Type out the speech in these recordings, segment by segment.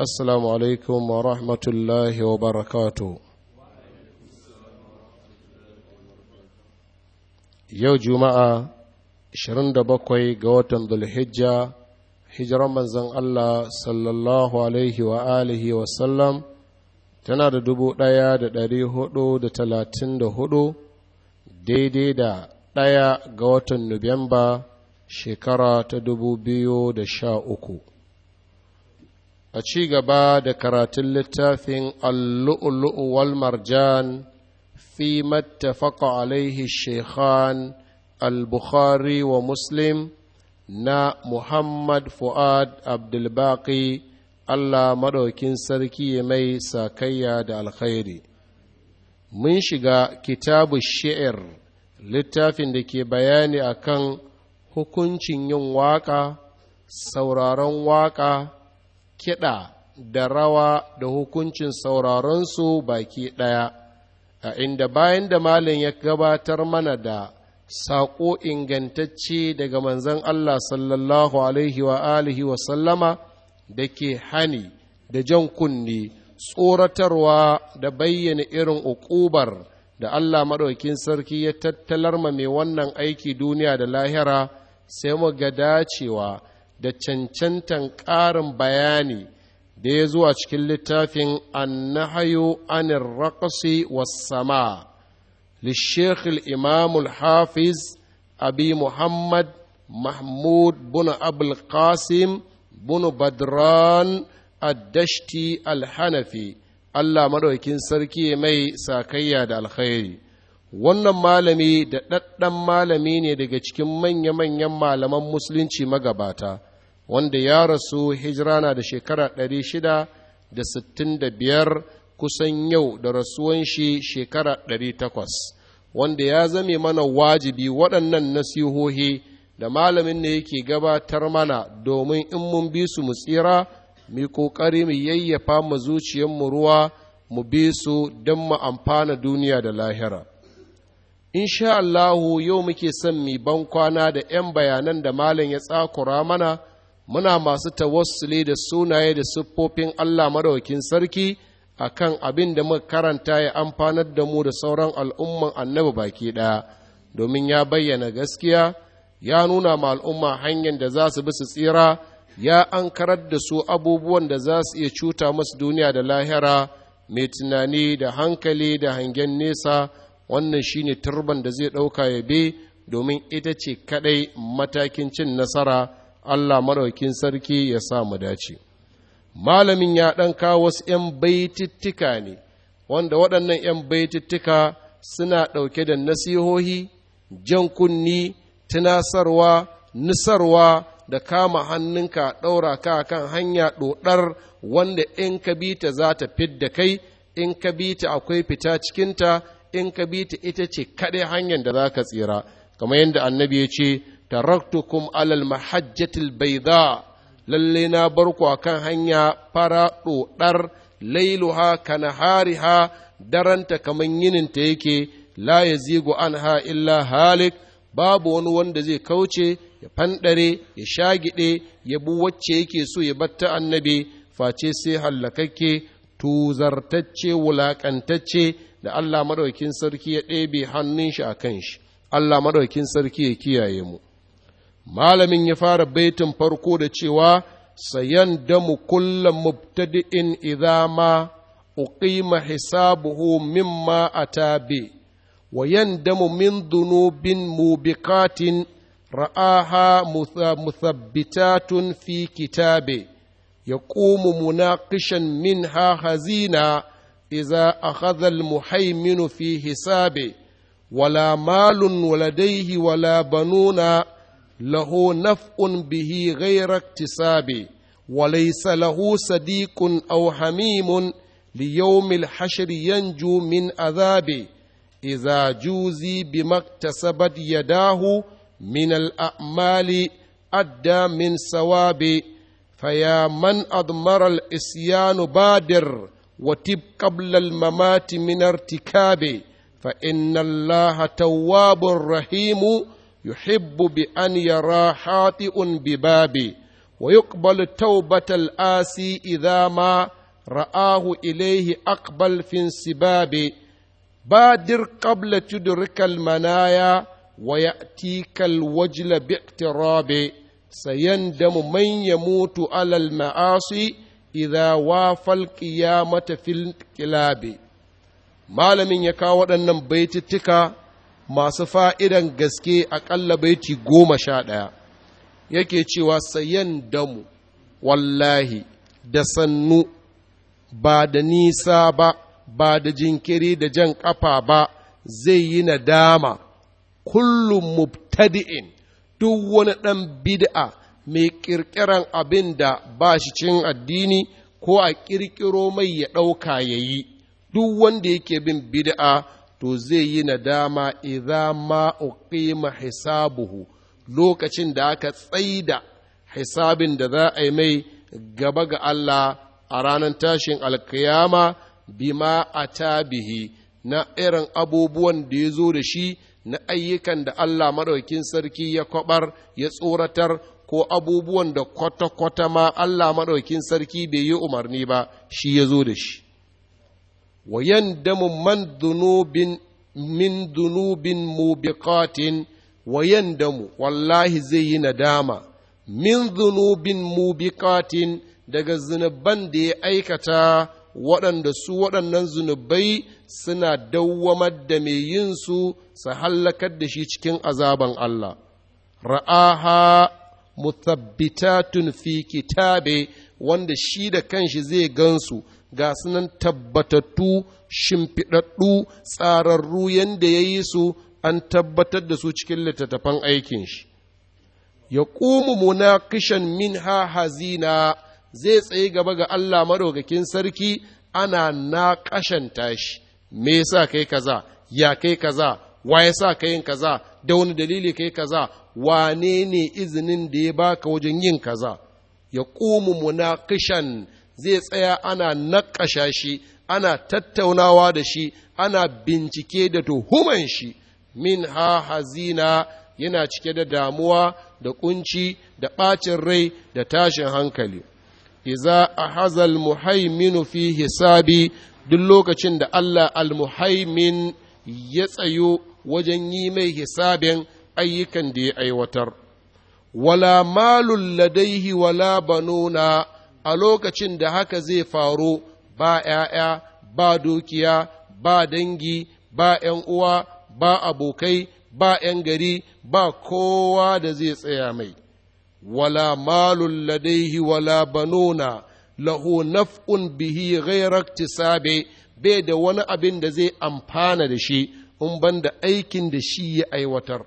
السلام wa ورحمة الله وبركاته يوم جمعة 27 ga watan Dhulhijja hijiran manzan Allah sallallahu alaihi wa alihi wa sallam tana da dubu ɗaya da ɗari hudu da talatin da hudu daidai da ɗaya ga watan Nuwamba shekara ta dubu biyu da sha uku. a ci gaba da karatun littafin allu'ulu'u wal marjan fi mattafaqa alaihi shekhan al-bukhari wa muslim na muhammad fu'ad abdulbaki allah maɗaukin sarki mai sakayya da alkhairi mun shiga kitabu shi'ir littafin da ke bayani akan hukuncin yin waƙa sauraron waƙa kiɗa da rawa da hukuncin sauraronsu baki ɗaya a inda bayan da malin ya gabatar mana da saƙo ingantacce daga manzon Allah sallallahu alaihi wa alihi wa sallama da ke hani da jan kunne tsoratarwa da bayyana irin uƙubar da Allah maɗaukin sarki ya tattalar ma mai wannan aiki duniya da lahira sai mu ga dacewa da cancantan ƙarin bayani da ya zuwa cikin littafin annahayo anin raƙasi wasama للشيخ imamul hafiz أبي محمد محمود بن أبو القاسم بن alhanafi Allah maɗaukin sarki mai sakayya da alkhairi wannan malami da ɗaɗɗan malami ne daga cikin manya-manyan malaman musulunci magabata wanda ya rasu hijira na da shekara 665 kusan yau da rasuwan shi shekara 800 wanda ya zame mana wajibi waɗannan nasihohi da malamin ne yake gabatar mana domin in mun bi su mu tsira mu ƙoƙari mu yayyafa mu zuciyarmu ruwa mu bi su don mu amfana duniya da lahira insha Allahu yau muke son mi ban kwana da 'yan bayanan da malam ya tsakura mana muna masu tawassuli da sunaye da siffofin Allah maraukin sarki a kan abin da muka karanta ya amfanar da mu da sauran al'umman annabi baki ɗaya domin ya bayyana gaskiya ya nuna ma al'umma hanyar da za su bi su tsira ya an karar da su abubuwan da za su iya cuta masu duniya da lahira mai tunani da hankali da hangen nesa wannan shine turban da zai ɗauka ya bi domin ita ce kaɗai matakin cin nasara Allah maraukin sarki ya sa mu dace malamin ya ɗan kawo wasu 'yan baitittika ne wanda waɗannan 'yan baitittika suna ɗauke da nasihohi jan kunni tunasarwa nisarwa da kama hannunka ɗaura ka kan hanya ɗoɗar wanda in ka bita ta za ta fidda kai in ka bita akwai fita cikinta in ka bita ita ce kaɗai hanyar da za ka tsira kamar yadda annabi ya ce taraktukum alal mahajjatil baida lalle na bar ku akan hanya fara dodar lailuha kanahariha daranta kaman yinin ta yake la yazigu anha illa halik babu wani wanda zai kauce ya fandare ya shagide ya bi wacce yake so ya batta annabi face sai hallakakke tuzartacce wulakantacce da Allah madaukin sarki ya ɗebe hannun shi a kan shi Allah madaukin sarki ya kiyaye mu malamin ya fara baitin farko da cewa sayan damu kulla mubtadi'in idza ma uqima hisabuhu mimma atabi wa yandamu min dhunubin mubiqatin ra'aha muthabbitatun fi kitabe يقوم مناقشا منها هزينا إذا أخذ المهيمن في حسابه ولا مال ولديه ولا بنون lahu naf'un bihi ghayra iktisabi wa laysa lahu sadiƙun aw hamimun li yawmil hashr yanju min adhabi idza juzi bimaktasabat yadahu min al-a'mali adda min sawabi فيا من أضمر الإسيان بادر وتب قبل الممات من ارتكابه فإن الله تواب رحيم yuhibbu bi an yara hati'un bi wa yuqbalu tawbatal asi idza ma ra'ahu ilayhi aqbal fi sibabi badir qabla tudrikal manaya wa ya'tikal wajla bi'tirabi sayandamu man yamutu alal ma'asi idza wafal qiyamata fil kilabi malamin ya kawo waɗannan baitittika masu fa'idan gaske a ƙalla baiti goma sha ɗaya yake cewa sayan damu wallahi da sannu ba da nisa ba ba da jinkiri da jan ƙafa ba zai yi nadama kullum mubtadi'in duk wani ɗan bid'a mai ƙirƙiran abin da ba shi cin addini ko a ƙirƙiro mai ya ɗauka ya yi duk wanda yake bin bid'a to zai yi nadama idza ma uqima hisabuhu lokacin da aka tsaida hisabin da za a yi mai gaba ga Allah a ranar tashin alkiyama bima ata na irin abubuwan da ya zo da shi na ayyukan da Allah maɗaukin sarki ya kwabar ya tsoratar ko abubuwan da kwata-kwata ma Allah maɗaukin sarki bai yi umarni ba shi ya zo da shi wa yandamu man dhunubin min dhunubin mubiqatin wa yandamu wallahi zai yi nadama min dhunubin mubiqatin daga zunuban da ya aikata waɗanda su waɗannan zunubai suna dawwamar da mai yin su su hallakar da shi cikin azaban Allah ra'aha mutabbitatun fi kitabe wanda shi da kanshi zai gansu ga sunan tabbatattu shimfiɗaɗɗu tsararru yadda ya yi su an tabbatar da su cikin littattafan aikin shi ya ƙumu munakishan min ha hazina zai tsaye gaba ga Allah maɗaukakin sarki ana na ƙashan shi me yasa kai kaza ya kai kaza wa sa ka yin kaza da wani dalili kai kaza wane ne izinin da ya baka wajen yin kaza ya ƙumu munakishan zai tsaya ana naƙasha shi ana tattaunawa da shi ana bincike da tuhuman shi min ha hazina yana cike da damuwa da kunci da ɓacin rai da tashin hankali iza a hazal muhaiminu fi hisabi duk lokacin da allah almuhaimin ya tsayo wajen yi mai hisabin ayyukan da ya aiwatar wala malul ladaihi wala banuna a lokacin da haka zai faru ba ‘ya'ya, ba dukiya, ba dangi, ba ‘yan uwa, ba abokai, ba ‘yan gari, ba kowa da zai tsaya mai. Wala malun ladaihi wala banuna lahu naf'un bihi ghairar tisabe bai da wani abin da zai amfana da shi in da aikin da shi ya aiwatar.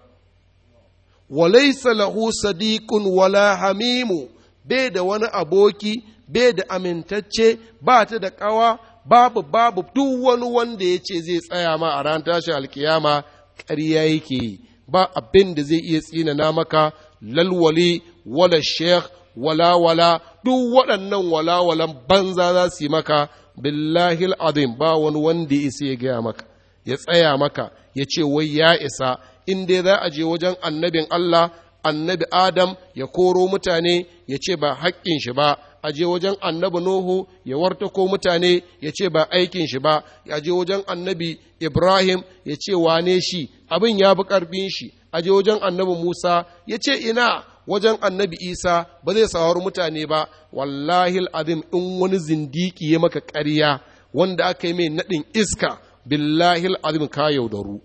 Walaisa lahu sadiqun wala hamimu bai da wani aboki bai da amintacce ba ta da ƙawa babu babu duk wani wanda ya ce zai tsaya ma a ran tashi alkiyama ƙarya yake yi ba abin da zai iya tsinana maka lalwali wala sheikh wala wala duk waɗannan walawalan banza za su yi maka billahi azim ba wani wanda isa ya gaya maka ya tsaya maka ya ce wai ya isa in dai za a je wajen annabin Allah annabi adam ya koro mutane ya ce ba haƙƙin shi ba a je wajen annabi Nuhu ya wartako mutane ya ce ba aikin shi ba, ya je wajen annabi Ibrahim ya ce wane shi, abin ya bi ƙarfin shi, a je wajen annabi Musa ya ce ina wajen annabi Isa ba zai sawar mutane ba, wallahi azim in wani zindiki ya maka ƙarya wanda aka yi mai naɗin iska, billahi azim ka yaudaru.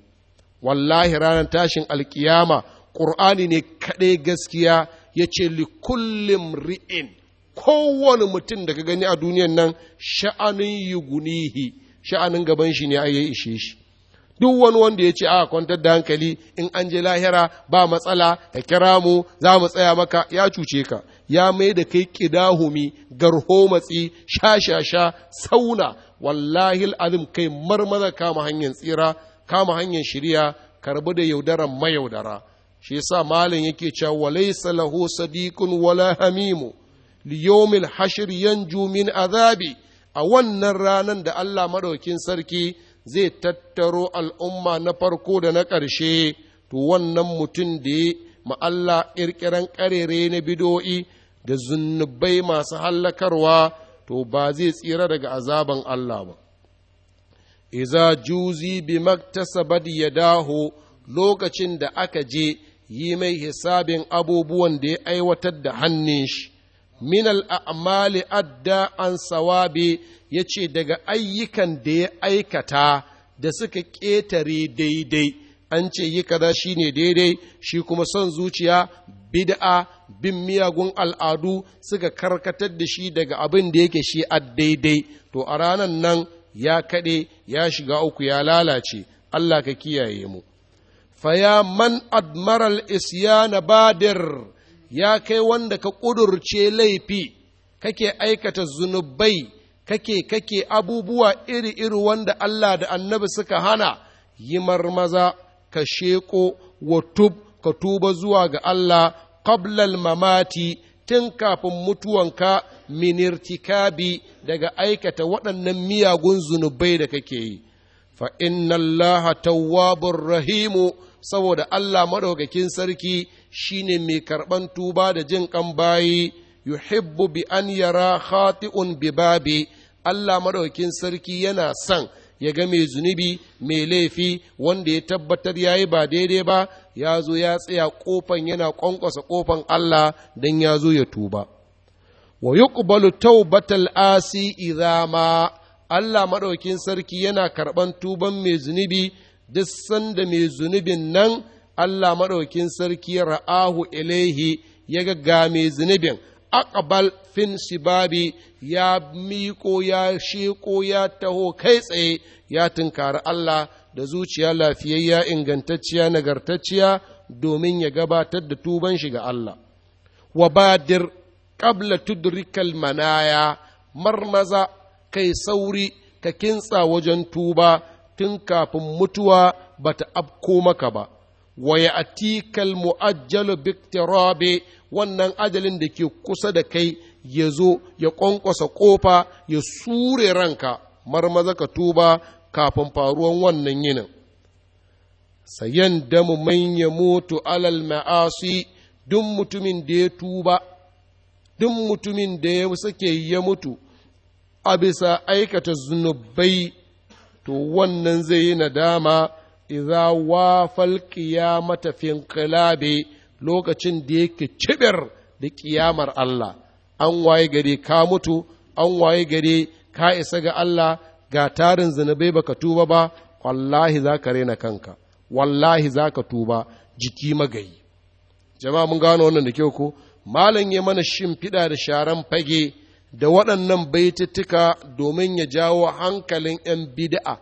Wallahi ranar tashin alkiyama ƙur'ani ne kaɗai gaskiya ya ce likullin ri'in kowane mutum da ka gani a duniyan nan sha'anin yi yugunihi sha'anin gaban shi ne a yi ishe shi duk wani wanda ya ce a kwantar da hankali in an je lahira ba matsala ka kira mu za mu tsaya maka ya cuce ka ya mai da kai kidahumi garho matsi sha sha sha, sauna wallahi alim kai marmaza kama hanyar tsira kama hanyar shirya karbi da yaudaran mayaudara shi yasa malin yake cewa walaysa lahu sadiqun wala hamimu li yawmil hashr yanju min azabi a wannan ranan da Allah madaukin sarki zai tattaro al'umma na farko da na ƙarshe to wannan mutum da ya ma Allah ƙirƙiran ƙarere na bido'i da zunubai masu hallakarwa to ba zai tsira daga azaban Allah ba. Iza juzi bi maktasabat yadahu lokacin da aka je yi mai hisabin abubuwan da ya aiwatar da hannun shi min al'amali adda an sawabi ya ce daga ayyukan da ya aikata da suka ƙetare daidai an ce yi kaza shi ne daidai shi kuma son zuciya bid'a bin miyagun al'adu suka karkatar da shi daga abin da yake shi a daidai to a ranar nan ya kaɗe ya shiga uku ya lalace Allah ka kiyaye mu Fayaman Admiral admaral isyana badir ya kai wanda ka ƙudurce laifi kake aikata zunubai kake kake abubuwa iri-iri wanda Allah da annabi suka hana yi marmaza ka sheƙo wa tub ka tuba zuwa ga Allah qablal mamati tun kafin mutuwan mutuwanka minirtikabi daga aikata waɗannan miyagun zunubai da kake yi fa inna Allah tawwabur rahimu saboda Allah madaukakin sarki shine mai karɓan tuba da jin kan bayi yuhibbu bi an yara khati'un bi babi Allah madaukakin sarki yana son ya ga mai zunubi mai laifi wanda ya tabbatar ya yi ba daidai ba ya zo ya tsaya kofan yana ƙwanƙwasa kofan Allah don ya zo ya tuba wa yuqbalu tawbatal asi idama Allah maɗaukin sarki yana karɓan tuban mai zunubi duk sanda mai zunubin nan Allah maɗaukin sarki ra'ahu ilaihi ya ga mai zunubin aqbal fin babi ya miƙo ya sheko ya taho kai tsaye ya tunkari Allah da zuciya lafiyayya ingantacciya nagartacciya domin ya gabatar da tuban shi ga Allah wa badir qabla tudrikal manaya marmaza kai sauri ka kintsa wajen tuba tun kafin mutuwa ba ta afko maka ba wa ya atikal mu'ajjalu biktirabe wannan ajalin da ke kusa da kai ya zo ya ƙwanƙwasa ƙofa ya sure ranka marmaza ka tuba kafin faruwan wannan yinin sayan damu man ya mutu alal ma'asi duk mutumin da ya tuba duk mutumin da ya sake ya mutu a bisa aikata zunubai to wannan zai yi nadama idza wafal qiyamata fi lokacin da yake cibir da ƙiyamar Allah an waye gare ka mutu an waye gare ka isa ga Allah ga tarin zunubai baka tuba ba wallahi za ka rena kanka wallahi za ka tuba jiki magayi jama'a mun gano wannan da kyau ko malam ya mana shimfiɗa da sharan fage da waɗannan baitittuka domin ya jawo hankalin 'yan bid'a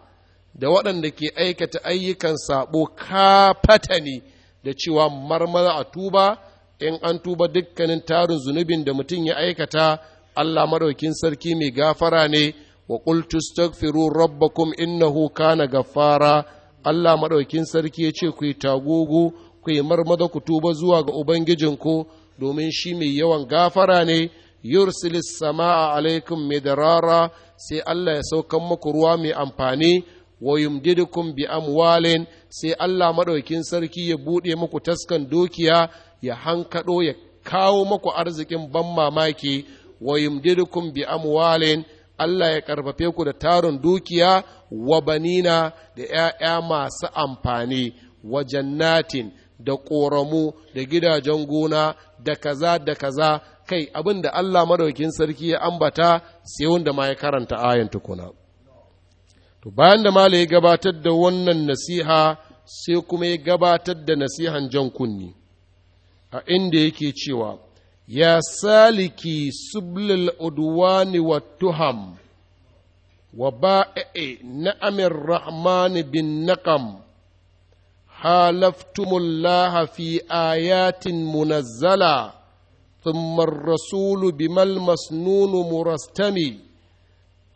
da waɗanda ke aikata ayyukan saɓo kafata ne da cewa marmara a tuba in an tuba dukkanin tarin zunubin da mutum ya aikata Allah maɗaukin sarki mai gafara ne wa qultu astaghfiru rabbakum innahu kana gafara Allah maɗaukin sarki ya ce ku yi tagogo ku yi marmada ku tuba zuwa ga ubangijinku domin shi mai yawan gafara ne yursilis sama'a alaikum midrara sai Allah ya saukan muku ruwa mai amfani wa yumdidukum bi amwalin sai Allah madaukin sarki ya bude muku taskan dukiya ya hankado ya kawo muku arzikin ban mamaki wa yumdidukum bi amwalin Allah ya karfafe ku da tarin dukiya wa banina da ‘ya'ya masu amfani wa jannatin da ƙoramu da gidajen gona da kaza da kaza kai abin da Allah madaukin sarki ya ambata sai wanda ma ya karanta ayan tukuna to bayan da Malam ya gabatar da wannan nasiha sai kuma ya gabatar da nasihan jan kunni a inda yake cewa ya saliki sublil udwani wa tuham wa bae Na'amin rahman bin naqam halaftumullaha fi ayatin munazzala ثم الرسول بما المسنون مرستمي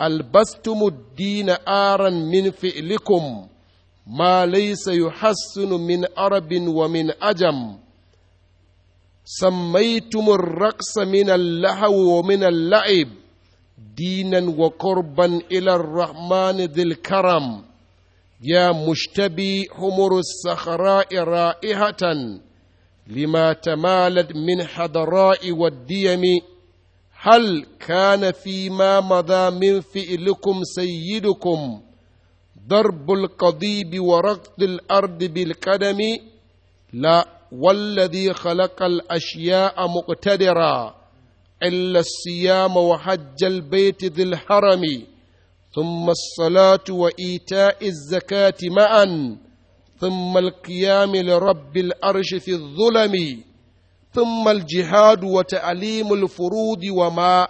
ألبستم الدين آرا من فئلكم ما ليس يحسن من عرب ومن أجم سميتم الرقص من اللهو ومن اللعب دينا وقربا إلى الرحمن ذي الكرم يا مشتبي حمر الصخراء رائحة لما تمالت من حضراء والديم هل كان فيما مضى من فئلكم سيدكم ضرب القضيب ورقد الأرض بالقدم لا والذي خلق الأشياء مقتدرا إلا الصيام وحج البيت ذي الحرم ثم الصلاة وإيتاء الزكاة معًا ثم القيام لرب العرش في الظلم ثم الجهاد وتعليم الفروض وما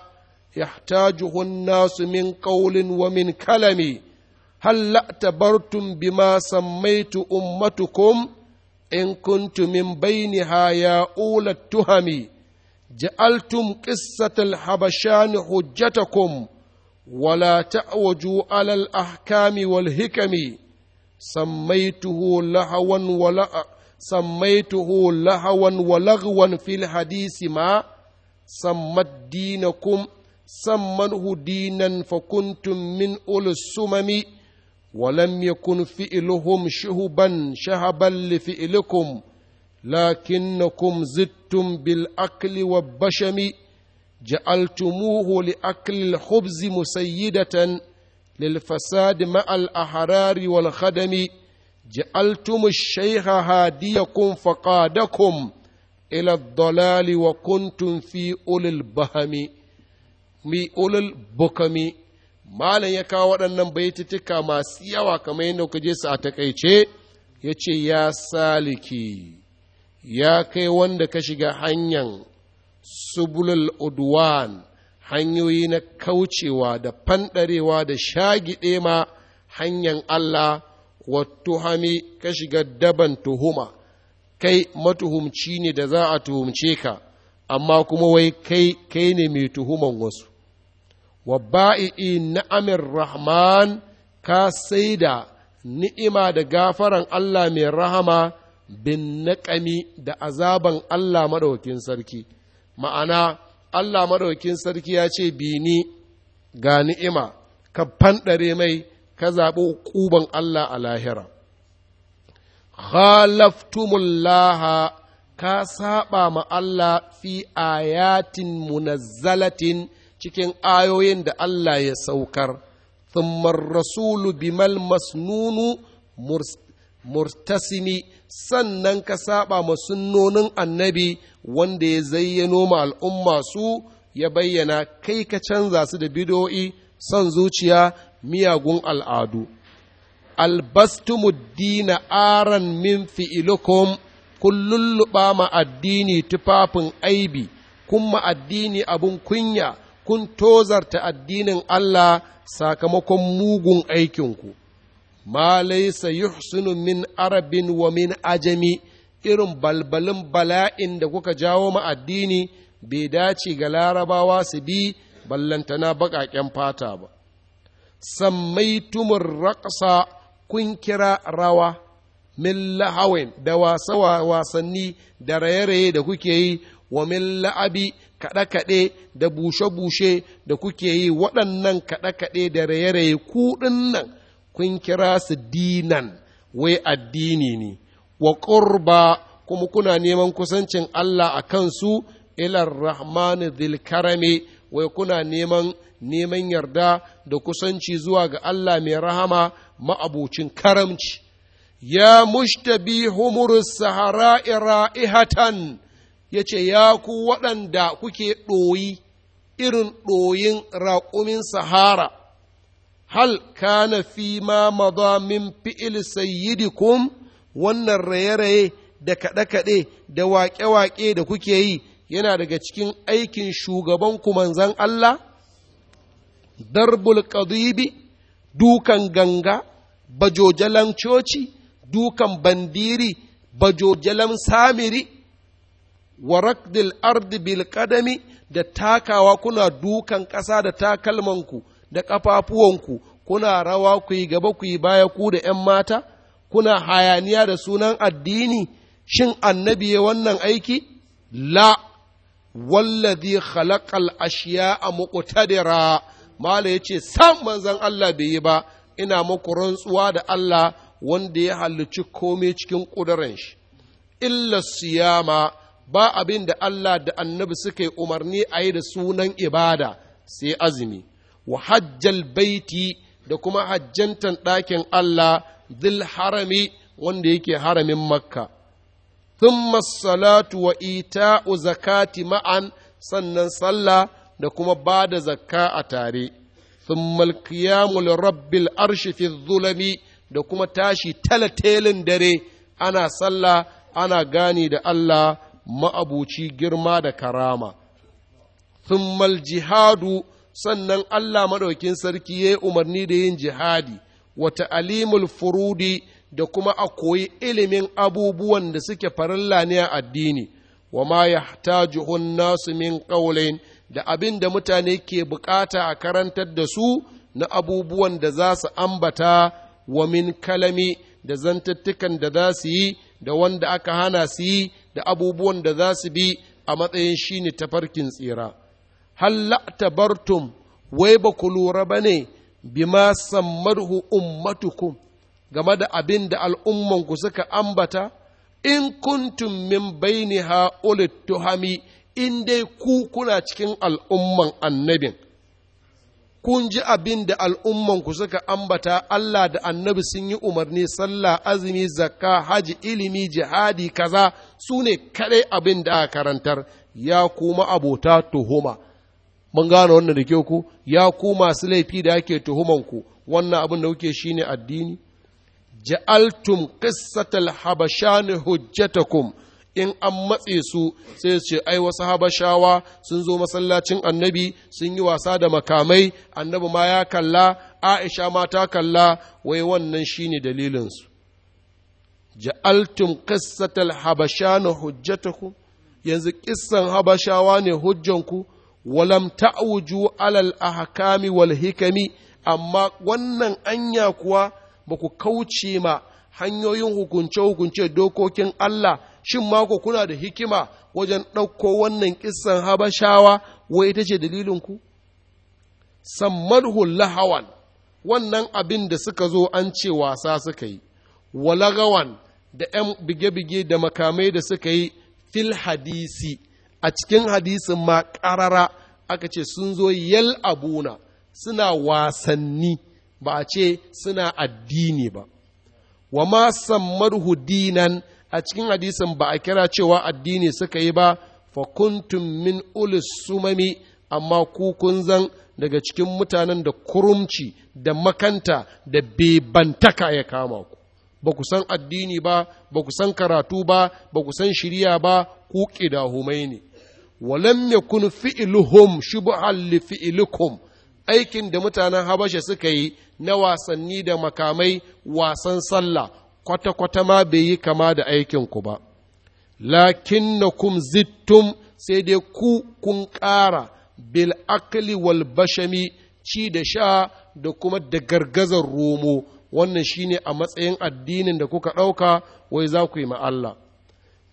يحتاجه الناس من قول ومن كلم هل اعتبرتم بما سميت أمتكم إن كنت من بينها يا أولى التهم جعلتم قصة الحبشان حجتكم ولا تعوجوا على الأحكام والهكم Sammai lahawan wala sammaituhu lahawan walagwan fil ma sammat dinakum sammanhu dinan fakuntum min ulus sumami ولم يكن فئلهم شهبا شهبا لفئلكم لكنكم زدتم بالأكل والبشم جعلتموه لأكل الخبز مسيدة للفساد مع الأحرار والخدم shaiha الشيخ هاديكم فقادكم إلى الضلال وكنتم في أولي البهم mi ulul bukami malam ya kawo waɗannan baitutuka masu yawa kamar yadda kuka je su a takaice ya ce ya saliki ya kai wanda ka shiga hanyar subulul udwan hanyoyi na kaucewa da fanɗarewa da shagiɗe ma hanyar Allah wa tuhami ka shiga daban tuhuma kai matuhumci ne da za a tuhumce ka amma kuma wai kai kai ne mai tuhuman wasu wa ba'i'i na'amin rahman ka da ni'ima da gafaran Allah mai rahama bin naƙami da azaban Allah maɗaukin sarki ma'ana Allah maɗaukin sarki ya ce bi ni ga ni'ima ka fanɗare mai ka zaɓi ƙuban Allah a lahira khalaftumullaha ka saba ma Allah fi ayatin munazzalatin cikin ayoyin da Allah ya saukar thumma rasulu bimal masnunu murtasimi sannan ka saba ma sunnonin annabi wanda ya zayyano ma al'umma su ya bayyana kai ka canza su da bidoi son zuciya miyagun al'adu albastumuddina aran min fi'ilukum kun lulluɓa ma addini tufafin aibi kun ma addini abin kunya kun tozarta addinin Allah sakamakon mugun aikinku ma laysa yuhsinu min arabin wa min ajami irin balbalin bala'in da kuka jawo ma addini bai dace ga larabawa su bi ballantana baƙaƙen fata ba Sammai raƙasa kun kira rawa min lahawin da wasa wasanni da raye-raye da kuke yi wa min la'abi kaɗe-kaɗe da bushe-bushe da kuke yi waɗannan kaɗe-kaɗe da raye-raye kuɗin nan kun kira su dinan wai addini ne wa ƙurba kuma kuna neman kusancin Allah a kansu ilar rahmanu zilkarame wai kuna neman neman yarda da kusanci zuwa ga Allah mai rahama ma'abucin karamci ya mushtabi humurus sahara ra'ihatan ya ce ya ku waɗanda kuke ɗoyi irin ɗoyin raƙumin sahara hal kana fi ma maza min fi'il sayyidikum wannan raye-raye da kaɗe-kaɗe da waƙe-waƙe da kuke yi yana daga cikin aikin shugabanku manzan Allah darbul qadibi dukan ganga bajojalan coci dukan bandiri bajojalan samiri wa raqdil ardi bil qadami da takawa kuna dukan ƙasa da takalmanku da ƙafafuwanku kuna rawa ku yi gaba ku yi baya ku da ‘yan mata, kuna hayaniya da sunan addini, shin annabi ya wannan aiki? La, wallazi khalaqal ashiya a muqtadira Mala ya ce, Sam manzan Allah bai yi ba, ina muku rantsuwa da Allah wanda ya halicci komai cikin ƙudurin shi. Illa siyama ba abin da Allah da annabi suka yi umarni a yi da sunan ibada sai azumi. wa hajjal baiti da kuma hajjantan ɗakin Allah zil harami wanda yake haramin makka sun salatu wa ita ita'u zakati ma'an sannan sallah da kuma ba da zakka a tare thumma kiyamul rabbil arshi fi zulami da kuma tashi talatelin dare ana sallah ana gani da Allah ma'abuci girma da karama sun jihadu sannan Allah maɗaukin sarki ya yi umarni da yin jihadi wata alimul furudi da kuma a koyi ilimin abubuwan da suke farilla ne a addini wa ma yahtajuhun nasu min qawlin da abin da mutane ke bukata a karantar da su na abubuwan da za su ambata wa min kalami da zantattukan da za su yi da wanda aka hana su yi da abubuwan da za su bi a matsayin shine tafarkin tsira hallata bartum wai ba ku lura ba ne bima sammarhu ummatukum game da abin da al'ummanku suka ambata in kuntum min baini ha tuhami in dai ku kuna cikin al'umman annabin kun ji abin da al'ummanku suka ambata Allah da annabi sun yi umarni sallah azumi zakka haji ilimi jihadi kaza su ne kaɗai abin da aka karantar ya kuma abota tuhuma. mun gane wannan da ke ku ya ku masu laifi da ake tuhuman ku wannan abin da kuke shi ne addini ja'altum qissatal habashan hujjatakum in an matse su sai ce ai wasu habashawa sun zo masallacin annabi sun yi wasa da makamai annabi ma ya kalla aisha ma ta kalla wai wannan shine dalilinsu ja'altum qissatal habashan hujjatakum yanzu kissan habashawa ne hujjanku walam تعوجوا alal ahkami والحكم hikami amma wannan anya kuwa ba kauce ma hanyoyin hukunce-hukunce dokokin Allah shin mako kuna da hikima wajen ɗauko wannan kissan habashawa wai ita ce dalilin ku? sammadhul lahawan wannan abin da suka zo an ce wasa suka yi walagawan da ‘yan bige-bige da makamai da suka yi fil hadisi a cikin hadisin ma ƙarara aka ce sun zo yal abuna suna wasanni ba a ce suna addini ba wa ma sammarhu dinan a cikin hadisin ba a kira cewa addini suka yi ba fa kuntum min ulus sumami amma ku kun zan daga cikin mutanen da kurumci da makanta da bebantaka ya kama ku ba ku san addini ba ba ku san karatu ba ba ku san shirya ba ku ƙidahumai ne walam kun fi'luhum shubhan li aikin da mutanen habasha suka yi na wasanni da makamai wasan sallah kwata-kwata ma bai yi kama da aikinku ba lakin na kum zittum sai dai ku kun ƙara bil akli wal bashami ci da sha da kuma da gargazar romo wannan shine a matsayin addinin da kuka ɗauka wai za ku yi ma Allah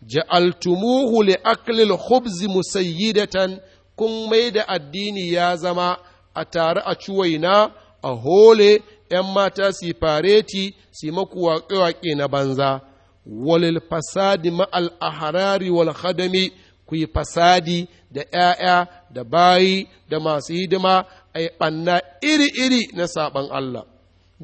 ja'altumuhu li aklil khubzi musayyidatan kun mai da addini ya zama a tare a ciwaina a hole ‘yan mata su fareti su maku waƙe na banza, walil fasadi ma'al harari wal hadami ku yi fasadi da ‘ya'ya da bayi da masu hidima a yi ɓanna iri-iri na saɓan Allah.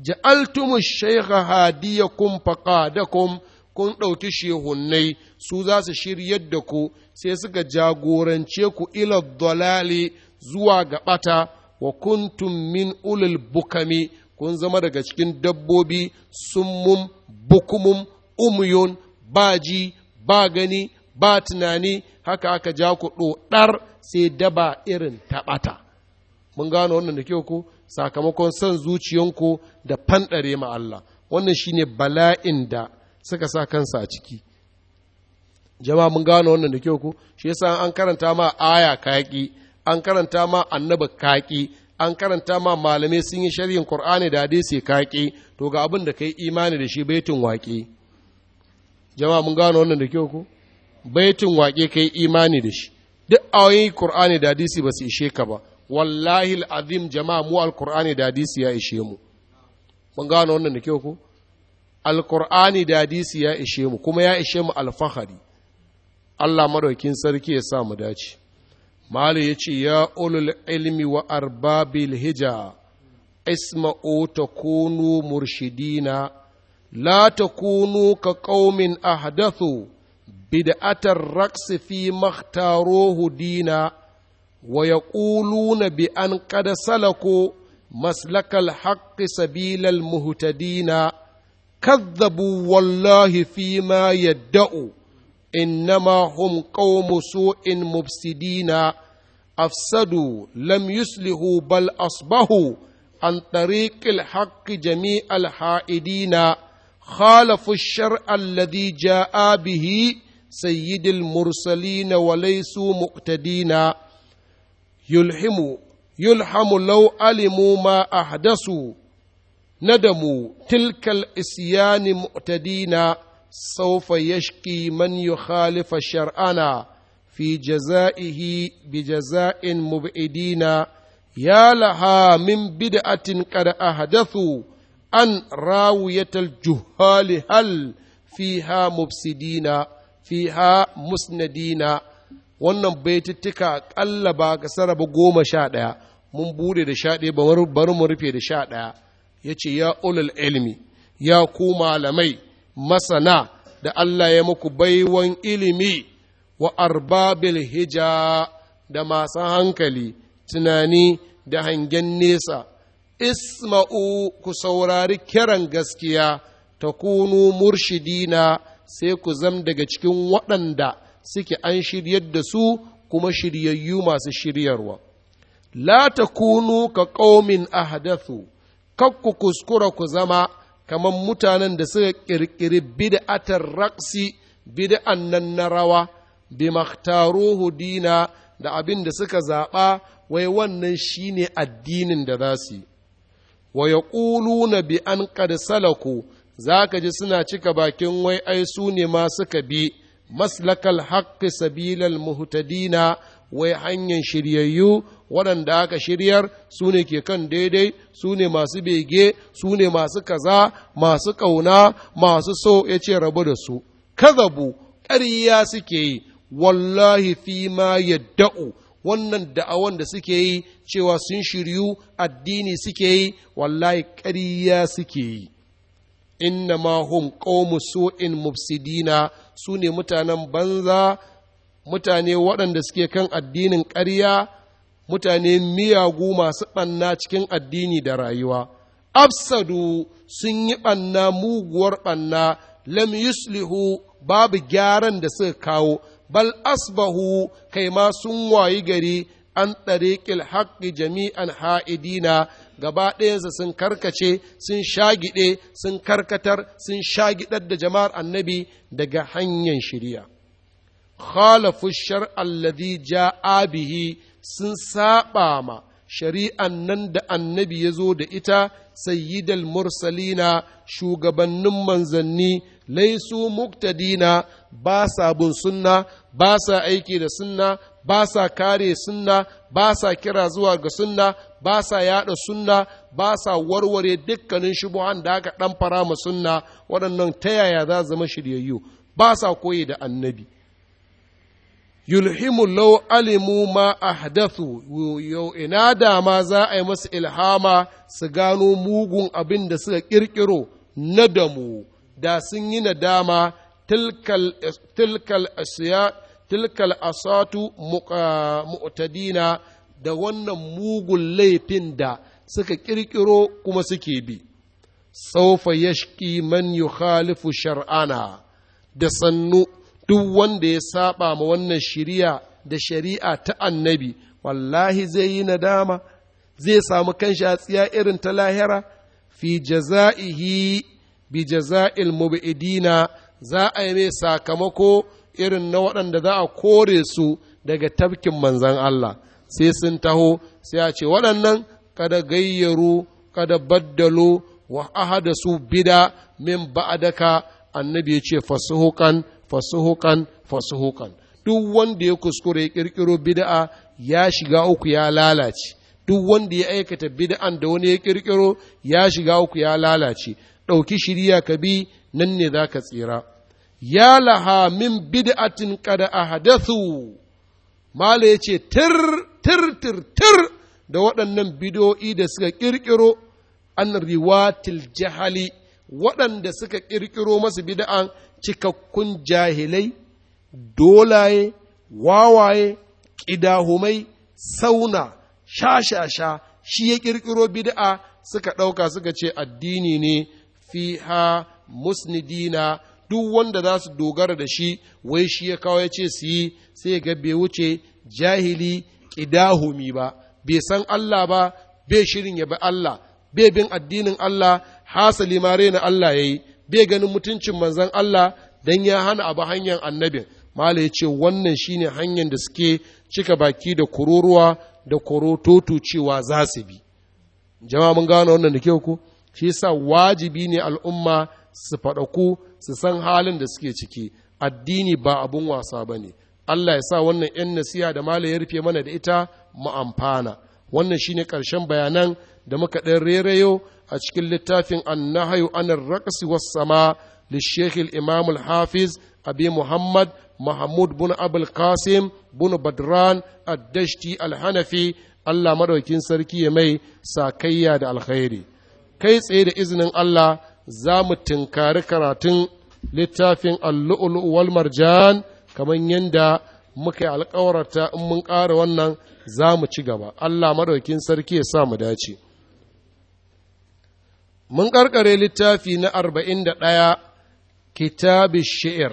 Ja'altumu shaikha hadiyakum faqadakum kun ɗauki shehunnai su za su shiryar da ku sai suka jagorance ku ila dalali zuwa ga ɓata wa kuntum min ulul bukami kun zama daga cikin dabbobi summum bukumum umyun baji ba gani ba tunani haka aka ja ku ɗoɗar sai daba irin taɓata mun gano wannan da kyau ku sakamakon son zuciyanku da fanɗare ma Allah wannan shine bala'in da suka sa kansa a ciki jama'a mun gano wannan da kyau ku shi yasa an karanta ma aya kaki an karanta ma annaba kaki an karanta ma malamai sun yi sharhin qur'ani da hadisi kaki to ga abin da kai imani da shi baitin waƙe jama'a mun gano wannan da kyau ku baitin waƙe kai imani da shi duk ayoyin qur'ani da hadisi ba su ishe ka ba wallahi azim jama'a mu al-qur'ani da hadisi ya ishe mu mun gano wannan da kyau ku alkur'ani da hadisi ya ishe mu kuma ya ishe mu alfahari Allah maɗaukin sarki ya sa mu dace malu ya ce ya ulul ilmi wa arbabil hija isma'u takunu murshidina la kunu ka qaumin ahdathu bid'atar raqsi fi makhtaruhu dina wa yaquluna bi an qad salaku maslakal haƙƙi sabilal muhtadina كذبوا والله فيما يدعوا إنما هم قوم سوء مفسدين أفسدوا لم يصلحوا بل أصبحوا عن طريق الحق جميع الحائدين خالفوا الشرع الذي جاء به سيد المرسلين وليسوا مقتدين يلحموا يلحم لو علموا ما أحدثوا ندموا تلك الإسيان مؤتدين سوف يشكي من يخالف شرعنا في جزائه بجزاء مبعدين يا لها من بدعة قد أحدثوا أن راوية الجهال هل فيها مفسدين فيها مسندين wannan baitittuka ƙalla ba ka sarrafa goma sha ɗaya mun bude da sha ɗaya bari mu rufe da sha ɗaya ya ce ya ulul ilmi ya ku malamai masana da Allah ya muku baiwan ilimi wa arbabil hija da masu hankali tunani da hangen nesa isma'u ku saurari kiran gaskiya ta kunu murshidina sai ku zam daga cikin waɗanda suke an shiryar da su kuma shiryayyu masu shiryarwa la ta kunu ka ƙaumin ahadathu kakku kuskura ku zama kamar mutanen da suka ƙirƙiri bid'atar raksi bid'an nan na rawa bi maktaruhu dina da abin da suka zaɓa wai wannan shine addinin da za su wa ya na bi an salaku za ka ji suna cika bakin wai ai su ne ma suka bi maslakal haƙƙi sabilal muhtadina wai hanyar shiryayyu waɗanda aka shiryar su ne ke kan daidai su ne masu bege su ne masu kaza masu ƙauna masu so ya ce rabu da su kazabu ƙarya suke yi wallahi fi ma yadda'u wannan da'awan da suke yi cewa sun shiryu addini suke yi wallahi ƙarya suke yi inna ma hum qaumu su'in mufsidina su ne mutanen banza mutane waɗanda suke kan addinin ƙarya mutane miyagu masu ɓanna cikin addini da rayuwa afsadu sun yi ɓanna muguwar ɓanna lam yuslihu babu gyaran da suka kawo bal asbahu kai ma sun wayi gari an ɗariƙil haƙƙi jami'an ha'idina gaba ɗayansa sun karkace sun shagiɗe sun karkatar sun shagiɗar da jama'ar annabi daga hanyar shirya khalafu shar'alladhi ja'a bihi sun saba ma shari'an nan da annabi ya zo da ita sayyidal mursalina shugabannin manzanni laisu muktadina ba sa bin sunna ba sa aiki da sunna ba sa kare sunna ba sa kira zuwa ga sunna ba sa yada sunna ba sa warware dukkanin shubuhan da aka dan fara ma sunna waɗannan ta yaya za zama shiryayyu ba sa koyi da annabi yulhimu law alimu ma ahdathu yau ina da ma za a yi masu ilhama su gano mugun abin da suka ƙirƙiro na damu da sun yi nadama dama tilkal asatu mu'tadina da wannan mugun laifin da suka ƙirƙiro kuma suke bi saufa yashki man yukhalifu shar'ana da sannu duk wanda ya saba ma wannan shari'a da shari'a ta annabi wallahi zai yi nadama zai samu kanshi a tsiya irin ta lahira fi jaza'ihi bi jaza'il mubidina za a yi mai sakamako irin na waɗanda za a kore su daga tafkin manzan Allah sai sun taho sai a ce waɗannan kada gayyaru kada baddalo wa ahada su bida min ba'adaka annabi ya ce fasuhukan fasuhukan fasuhukan duk wanda ya kuskure ya kirkiro bid'a ya shiga uku ya lalace duk wanda ya aikata bid'an da wani ya kirkiro ya shiga uku ya lalace ɗauki shiriya ka bi nan ne za ka tsira ya laha min bid'atin kada ahadathu mala ya ce tir tir tir tir da waɗannan bido'i da suka kirkiro an riwatil jahali waɗanda suka kirkiro masu bid'an cikakkun jahilai dolaye wawaye ƙidahumai sauna shashasha shi ya ƙirƙiro bid'a suka ɗauka suka ce addini ne fiha musnidina duk wanda za su dogara da shi wai shi ya kawo ya ce su yi sai ga bai wuce jahili ƙidahumi ba bai san Allah ba bai shirin ya bi Allah bai bin addinin Allah hasali ma na Allah ya yi bai ganin mutuncin manzon Allah don ya hana abu hanyar annabin mala ya ce wannan shine hanyar da suke cika baki da kururuwa da korototu cewa za su bi jama'a mun gano wannan da kyau ko shi yasa wajibi ne al'umma su faɗaku su san halin da suke ciki addini ba abun wasa ba ne Allah ya sa wannan 'yan nasiya da mala ya rufe mana da ita mu amfana wannan shine ƙarshen bayanan da muka ɗan rerayo a cikin littafin annahyu anar raqsi wasu sama li shaykh al imam hafiz abi muhammad mahmud bin abul qasim bin badran addashti alhanafi al Allah madaukin sarki ya mai sakayya da alkhairi kai tsaye da izinin Allah za mu tinkari karatun littafin al-lu'lu wal marjan kamar yadda muka yi alkawarta in mun ƙara wannan za mu ci gaba Allah madaukin sarki ya sa mu dace mun ƙarƙare littafi na arba'in da ɗaya kitabi shi'ir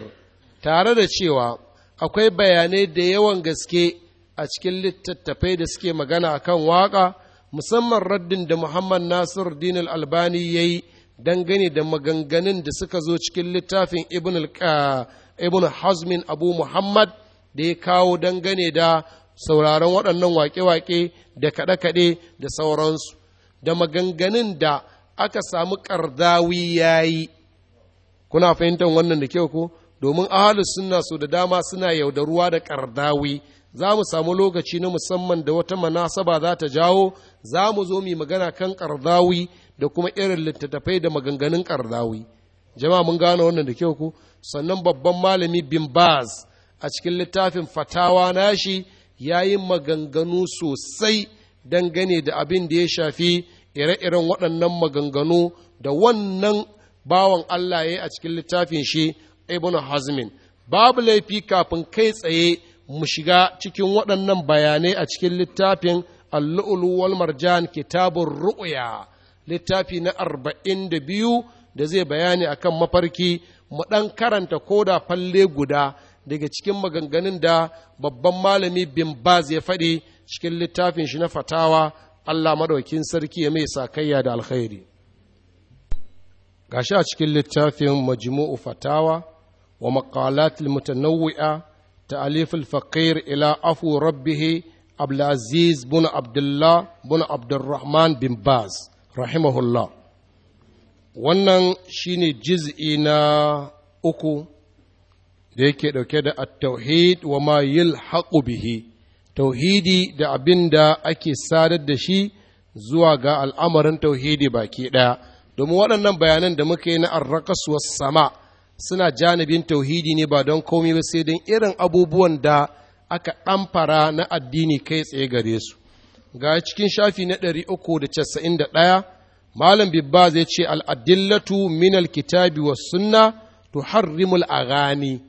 tare da cewa akwai bayanai da yawan gaske a cikin littattafai da suke magana a kan waƙa musamman raddin da muhammad nasir din albani ya yi dangane da maganganun da suka zo cikin littafin eh, ibn hazmin abu muhammad da ya kawo dangane da sauraron waɗannan waƙe-waƙe da kaɗe-kaɗe da sauransu da maganganun da aka samu ƙardawi ya yi kuna fahimtar wannan da kyau ko domin ahalus suna so da dama suna yaudaruwa da ƙardawi za mu samu lokaci na musamman da wata manasaba za ta jawo za mu zo mu magana kan ƙardawi da kuma irin littattafai da maganganun ƙardawi jama'a mun gane wannan da kyau ko sannan babban malami bin baz a cikin littafin fatawa nashi ya yi maganganu sosai dangane da abin da ya shafi ire-iren waɗannan maganganu da wannan bawan Allah ya yi a cikin littafin shi ibn hazmin babu laifi kafin kai tsaye mu shiga cikin waɗannan bayanai a cikin littafin allu'ulu wal marjan kitabun ru'ya littafi na arba'in da biyu da zai bayani a kan mafarki mu ɗan karanta koda falle guda daga cikin maganganun da babban malami bin baz ya faɗi cikin littafin shi na fatawa Allah madaukin sarki ya mai sakayya da alkhairi gashi a cikin littafin majmu'u fatawa wa maqalat al-mutanawwi'a ta al-faqir ila afu rabbih Abdulaziz bin Abdullah bin Abdurrahman bin Baz rahimahullah wannan shine juz'i na uku da yake dauke da at-tauhid wa ma yalhaqu bihi tauhidi da abin da ake sadar da shi zuwa ga al'amarin tauhidi baki ɗaya domin waɗannan bayanan da muka yi na arrakas sama suna janibin tauhidi ne ba don komai ba sai don irin abubuwan da aka ɗamfara na addini kai tsaye gare su ga cikin shafi na ɗari uku da casa'in da ɗaya malam bibba zai ce al'adillatu min alkitabi wa sunna tuharrimul agani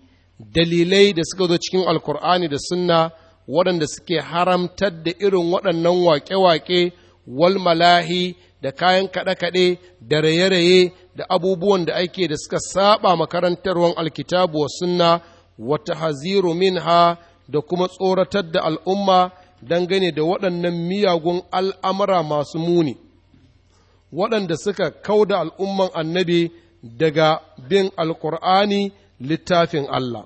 dalilai da suka zo cikin alkur'ani da sunna waɗanda suke haramtar da irin waɗannan waƙe-waƙe walmalahi, da kayan kaɗe-kaɗe da raye-raye da abubuwan da ake da suka saba makarantarwar alkitabu wa sunna wata haziru minha da kuma tsoratar da al'umma dangane da waɗannan miyagun al'amura masu muni waɗanda suka kau da al'umman annabi daga bin alƙur'ani littafin Allah.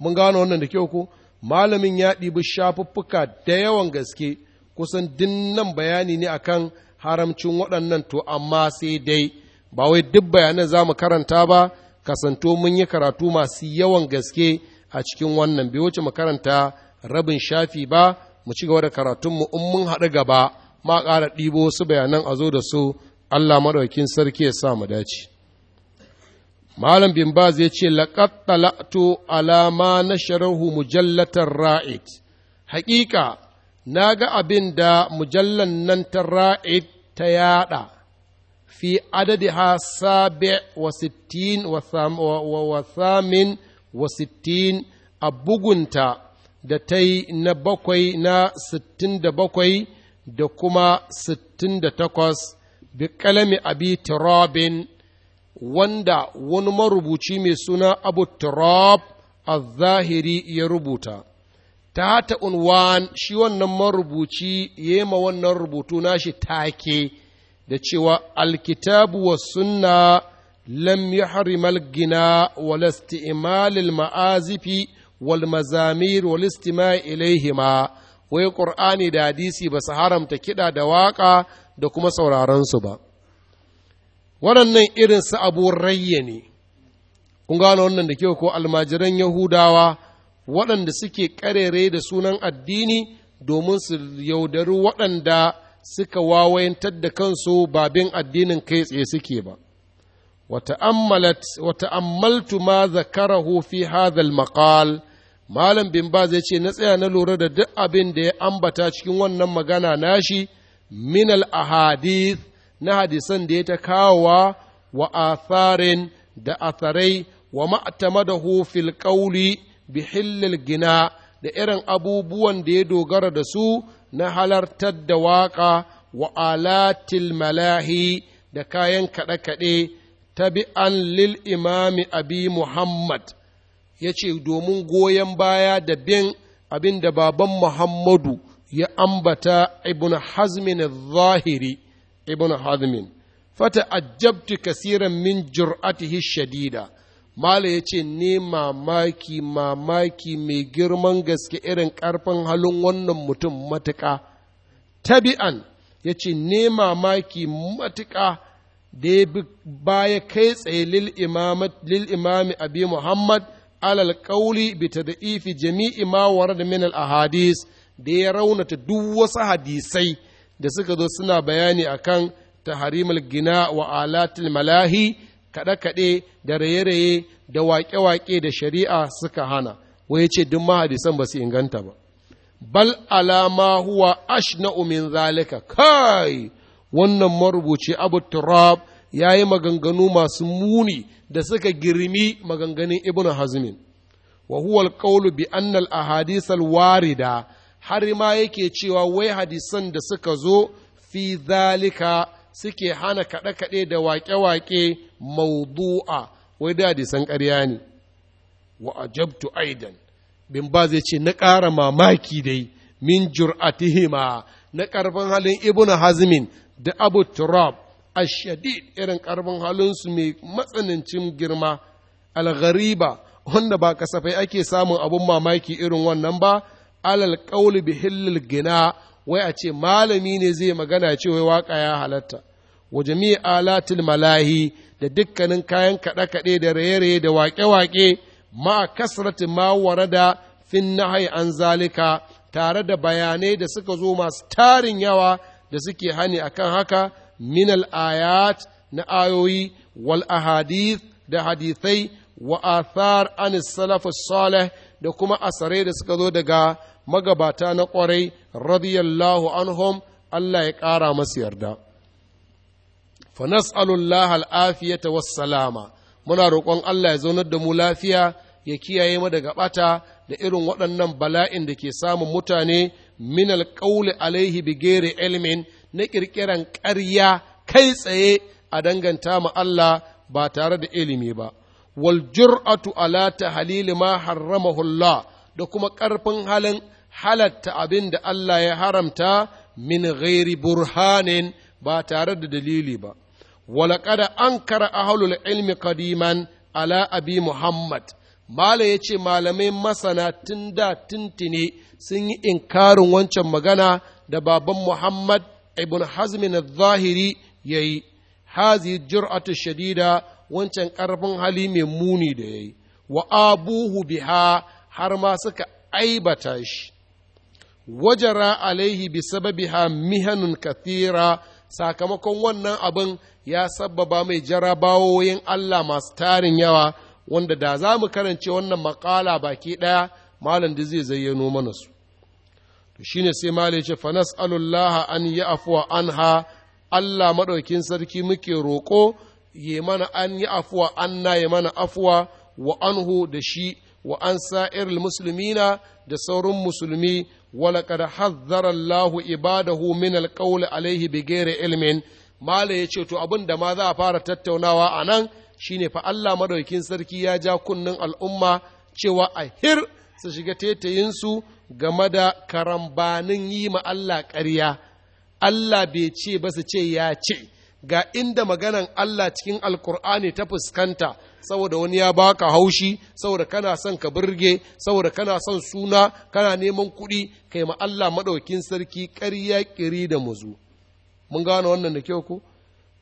Mun gano wannan da kyau ko. malamin ya ɗibi shafuffuka da yawan gaske kusan dinnan bayani ne a kan haramcin waɗannan to amma sai dai ba wai duk bayanan za mu karanta ba kasanto mun yi karatu masu yawan gaske a cikin wannan bai wuce mu karanta rabin shafi ba mu ci gaba da karatunmu in mun haɗu gaba ma ƙara ɗibo wasu bayanan a zo da su Allah maɗaukin sarki ya sa mu dace. Malam bin Baz ya ce, Laƙat tala'tu alama na sharahu mujallatar ra'id, haƙiƙa na ga abin da mujallan nan ta ra'id ta yaɗa, fi adadi ha sabi wa sittin wa samin wa sittin a bugunta da ta yi na bakwai na sittin da bakwai da kuma sittin da takwas bi kalami abi turabin wanda wani marubuci mai suna abu turab al-zahiri ya rubuta ta hata unwan shi wannan marubuci ya ma wannan rubutu nashi take da cewa alkitabu wa sunna lam yahrim gina wal maazifi wal mazamir wal istima' ilayhima wai qur'ani da hadisi ba su haramta kiɗa da waƙa da kuma sauraron su ba waɗannan irin su abu rayya ne kun gano wannan da kyau ko almajiran yahudawa waɗanda suke ƙarere da sunan addini domin su yaudari waɗanda suka wawayantar da kansu ba bin addinin kai tsaye suke ba wata'ammaltu ma zakarahu fi hadhal malam bin ba zai ce na tsaya na lura da duk abin da ya ambata cikin wannan magana nashi Minal Ahadi. ahadith na hadisan da ya ta kawowa wa atharin da atharai wa ma'tamadahu fil qawli bi hillil gina da irin abubuwan da ya dogara da su na halartar da waƙa wa alatil malahi da kayan kaɗe-kaɗe ta tabi'an lil imami abi muhammad ya ce domin goyon baya da bin abin da baban muhammadu ya ambata ibn hazmin zahiri ibn fata ajabtu kasiran min jur'atihi shadida mala ya ce ne mamaki mamaki mai girman gaske irin karfin halin wannan mutum matuka tabi'an ya ce ne mamaki matuƙa da ya kai tsaye lil imami abi muhammad alal kauli bi tad'ifi jami'i ma warada min al ahadis da ya raunata duk wasu hadisai da suka zo suna bayani akan taharimul gina wa alatul malahi kaɗe-kaɗe da raye-raye da waƙe-waƙe da shari'a suka hana wai ce duk mahadisan ba su inganta ba bal alama huwa ash na umin zalika kai wannan marubuci abu turab ya yi maganganu masu muni da suka girmi maganganun ibn hazmin wa huwa alƙaulu bi annal ahadisal warida har ma yake cewa wai hadisan da suka zo fi zalika suke hana kaɗe-kaɗe da waƙe-waƙe maudu'a wai da hadisan ƙarya ne wa ajabtu aidan bin ba zai ce na ƙara mamaki dai min jur'atihima na ƙarfin halin ibnu hazmin da abu turab a shaɗi irin ƙarfin halinsu mai matsanancin girma Al-Ghariba wanda ba kasafai ake samun abun mamaki irin wannan ba alal kauli bi hillil gina wai a ce malami ne zai magana ce wai waka ya halatta wa jami'i alatil malahi da dukkanin kayan kaɗe-kaɗe da raye-raye da waƙe-waƙe ma kasratin ma warada fin nahai an zalika tare da bayanai da suka zo masu tarin yawa da suke hani akan haka minal ayat na ayoyi wal ahadith da hadithai wa athar an salaf salih da kuma asare da suka zo daga magabata na ƙwarai radiyallahu anhum Allah ya ƙara masu yarda fa nas'alullah al'afiyata wassalama muna roƙon Allah ya zaunar da mu lafiya ya kiyaye ma daga ɓata da irin waɗannan bala'in da ke samun mutane min alƙauli alaihi bigere ilmin na ƙirƙiran ƙarya kai tsaye a danganta ma Allah ba tare da ilimi ba waljur'atu jur'atu ala halili ma harramahu da kuma ƙarfin halin halatta abin da Allah ya haramta min ghairi burhanin ba tare da dalili ba walaƙada an ankara ahlul ilmi kadiman ala abi muhammad mala ya ce malamai masana tun da tuntune sun yi inkarin wancan magana da baban muhammad ibn hazmin zahiri ya yi hazi jur'atu shadida wancan ƙarfin hali mai muni da ya yi wa abuhu biha har ma suka aibata shi wajara alaihi bi sababiha mihanun kathira sakamakon wannan abin ya sabbaba mai jarabawoyin Allah masu tarin yawa wanda da za mu karance wannan makala baki ɗaya malam da zai zayyano mana su to shine sai malai ce fa nas'alullah an yi anha Allah maɗaukin sarki muke roƙo ya mana an yi afuwa anna yi mana afuwa wa anhu da shi wa an musulmina da sauran musulmi walaƙar حذر الله عباده من القول عليه بغير علم mala ya ce to abin da ma za a fara tattaunawa a nan shine fa Allah madaukin sarki ya ja kunnen al'umma cewa a hir su shiga tetayinsu game da karambanin yi ma Allah ƙarya Allah bai ce ba su ce ya ce ga inda maganan Allah cikin alkur'ani ta fuskanta saboda wani ya baka haushi saboda kana son ka birge saboda kana son suna kana neman kuɗi kai ma Allah maɗaukin sarki ƙarya ƙiri da muzu mun gane wannan da kyau ko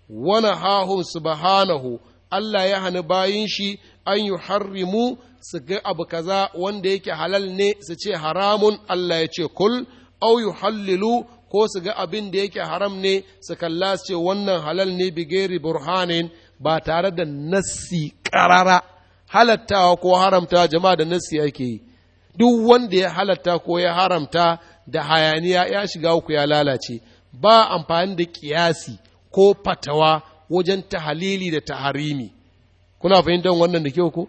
wani hahun subhanahu Allah ya hani bayin shi an yi harrimu su ga abu kaza wanda yake halal ne su ce haramun Allah ya ce kul au yuhallilu ko su ga abin da yake haram ne su kalla su ce wannan halal ne bigeri burhanin ba tare da nassi karara halattawa ko haramta jama'a da nassi yake yi duk wanda ya halatta ko ya haramta da hayaniya ya shiga uku ya lalace ba amfani da kiyasi ko fatawa wajen tahalili da taharimi kuna fahimtar wannan da kyau ko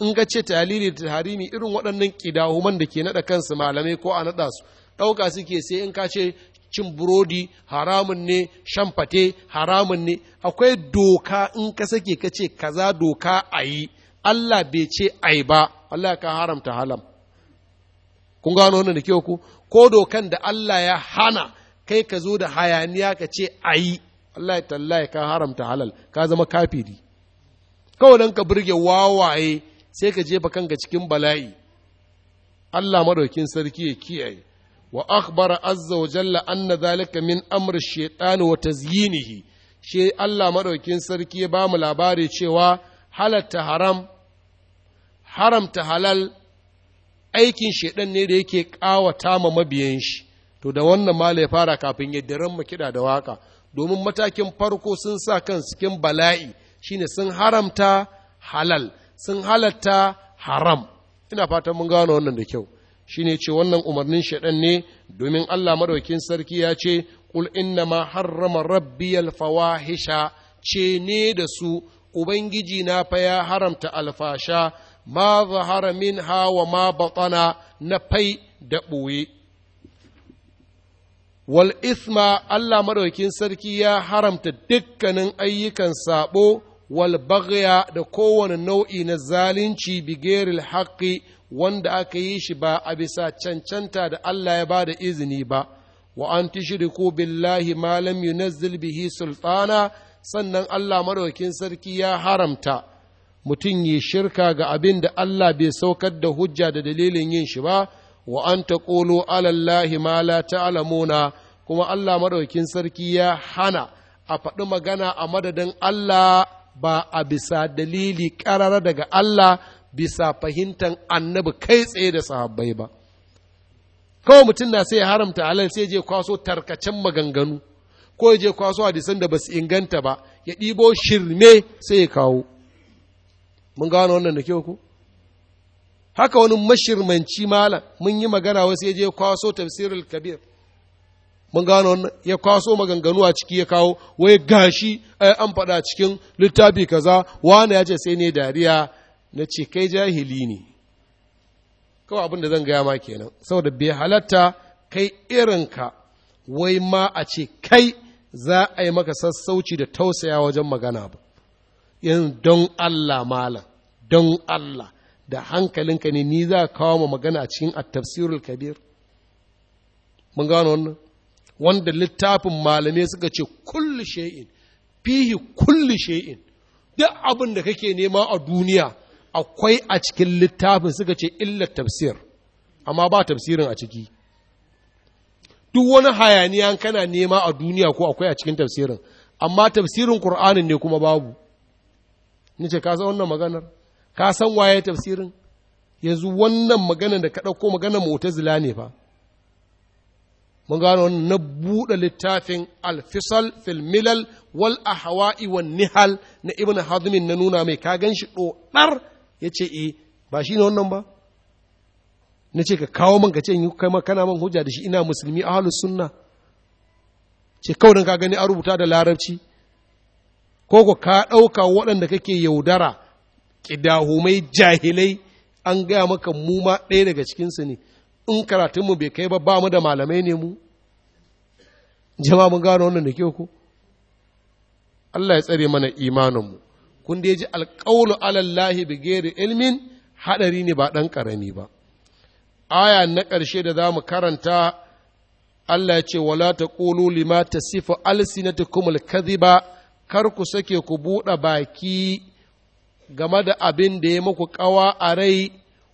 in ka ce tahalili da taharimi irin waɗannan kidahuman da ke naɗa kansu malamai ko a naɗa su ɗauka suke sai in ka ce cin burodi haramun ne shan fate haramun ne akwai doka in ka sake ka ce kaza doka a yi Allah bai ce ai ba Allah ka haramta halam kun gano wannan da kyau ku ko dokan da Allah ya hana kai ka zo da hayaniya ka ce ayi Allah ya ya ka haramta halal ka zama kafiri kawai dan ka burge wawaye sai ka jefa kanka cikin bala'i Allah madaukin sarki ya kiyaye wa akhbara azza wa jalla anna zalika min amr shaytan wa tazyinihi shi Allah madaukin sarki ya bamu labari cewa haramta halal aikin shaidan ne da yake ƙawata ma mabiyan shi to da wannan ma ya fara kafin ya daren kiɗa da waka domin matakin farko sun sa kan cikin bala'i shine sun haramta halal sun halatta haram ina fatan mun gano wannan da kyau shi ne ce wannan umarnin shaɗan ne domin Allah maɗaukin sarki ya ce ƙul inna ma harrama rabbi alfawahisha ce ne da su Ubangiji na fa ya haramta alfasha ma zahara min hawa ma batsana na fai da ɓoye. Wal isma Allah maɗaukin sarki ya haramta dukkanin ayyukan saɓo wal bagya da kowane nau'i na zalunci bigeril haƙƙi wanda aka yi shi ba a bisa cancanta da Allah ya ba da izini ba, wa an tushriku billahi malam yunazzil bihi sultana sannan Allah maraukin sarki ya haramta mutum yi shirka ga abin da Allah bai saukar da hujja da dalilin yin shi ba, wa an ta ƙolo alallahi mala ta alamuna. kuma Allah maraukin sarki ya hana a faɗi magana a madadin Allah ba a bisa dalili ƙarara daga Allah bisa fahimtar annabi kai tsaye da sahabbai ba kawai mutum na sai ya haramta halal sai je kwaso tarkacen maganganu ko ya je kwaso hadisan da su inganta ba ya ɗibo shirme sai ya kawo mun gano wannan da kyau ku haka wani mashirmanci malam mun yi magana wasu ya je kwaso tafsirul kabir mun gano wannan ya kwaso maganganu a ciki ya kawo wai gashi an faɗa cikin littafi kaza wani ya ce sai ne dariya na ce kai jahili ne kawai abin da zan gaya ma kenan saboda bai halatta kai irinka wai ma a ce kai za a yi maka sassauci da tausaya wajen magana ba yin don Allah malam don Allah da hankalinka ne ni za kawo ma magana a cikin attafsirul kabir mun gano wannan wanda littafin malamai suka ce kulli shay'in fihi kulli shay'in duk abin da kake nema a duniya akwai a cikin littafin suka ce illar tafsir amma ba tafsirin a ciki duk wani hayaniya kana nema a duniya ko akwai a cikin tafsirin amma tafsirin qur'anin ne kuma babu ni ce ka san wannan maganar ka san waye tafsirin yanzu wannan maganar da ka ɗauko maganar mu'tazila ne fa mun gano na buɗe littafin alfisal fil milal wal ahwa'i wan nihal na ibn hazmin na nuna mai ka gan shi ɗoɗar ya ce e ba shi ne wannan ba na ce ka kawo man ka ce yi kai kana man hujja da shi ina musulmi a halin sunna ce kawai ka gani a rubuta da larabci ko ko ka ɗauka waɗanda kake yaudara ƙidahumai jahilai an gaya maka muma ɗaya daga cikinsu ne in karatunmu bai kai ba ba mu da malamai ne mu jama'a mun gano wannan da ke ku Allah ya tsare mana imaninmu kun da ji alƙawlu alallahi bi gairi ilmin haɗari ne ba ɗan ƙarami ba aya na ƙarshe da za mu karanta Allah ya ce wala ƙulu lima ta sifa tasifu kumul alkadhiba kar ku sake ku buɗe baki game da abin da ya muku ƙawa a rai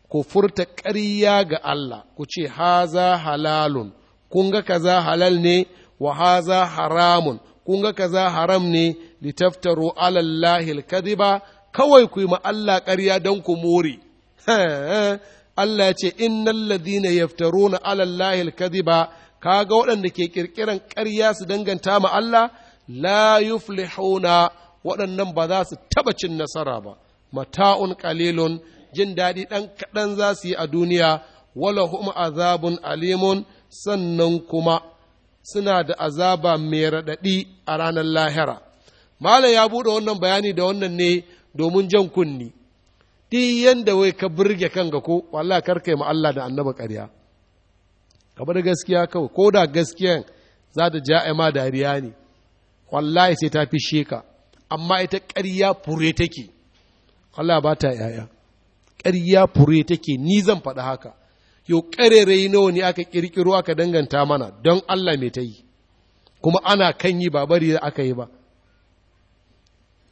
ku furta ƙarya ga Allah ku ce haza halalun kun ga kaza halal ne wa haza haramun kun kaza haram ne litaftaru alallahi alkadiba kawai ku yi ma Allah ƙarya don ku more Allah ya ce innal ladina yaftaruna alallahi alkadiba kaga waɗanda ke kirkiran ƙarya su danganta ma Allah la yuflihuna waɗannan ba za su taba cin nasara ba mata'un qalilun jin daɗi ɗan kaɗan za su yi a duniya wala hum azabun alimun sannan kuma suna da azaba mai raɗaɗi a ranar lahira malam ya buɗe wannan bayani da wannan ne domin jan kunni duk yanda wai ka burge kan ga ko wallahi karkai ma Allah da annaba ƙarya bar gaskiya kawai ko da gaskiyan za ta ja ma dariya ne wallahi sai ta fi sheka. amma ita ƙarya fure take Allah ba ta yaya ƙarya fure take ni zan faɗi haka yo yi nawa ne aka ƙirƙiro aka danganta mana don Allah mai ta yi kuma ana kan yi ba bari aka yi ba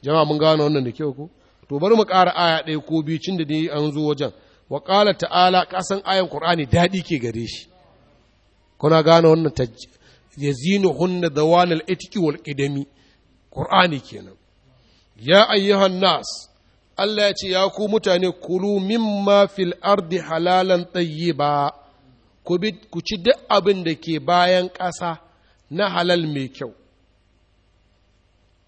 jama'a mun gano wannan da kyau ko to bari mu ƙara aya ɗaya ko biyu cin da an zo wajen wa ƙala ta'ala kasan ayan qur'ani daɗi ke gare shi kuna gano wannan yazinu hunna dawanal itiki wal qidami qur'ani kenan ya ayyuhan nas Allah ya ce ya ku mutane kulu mimma fil ardi halalan tayyiba ku bi ku ci duk abin da ke bayan ƙasa na halal mai kyau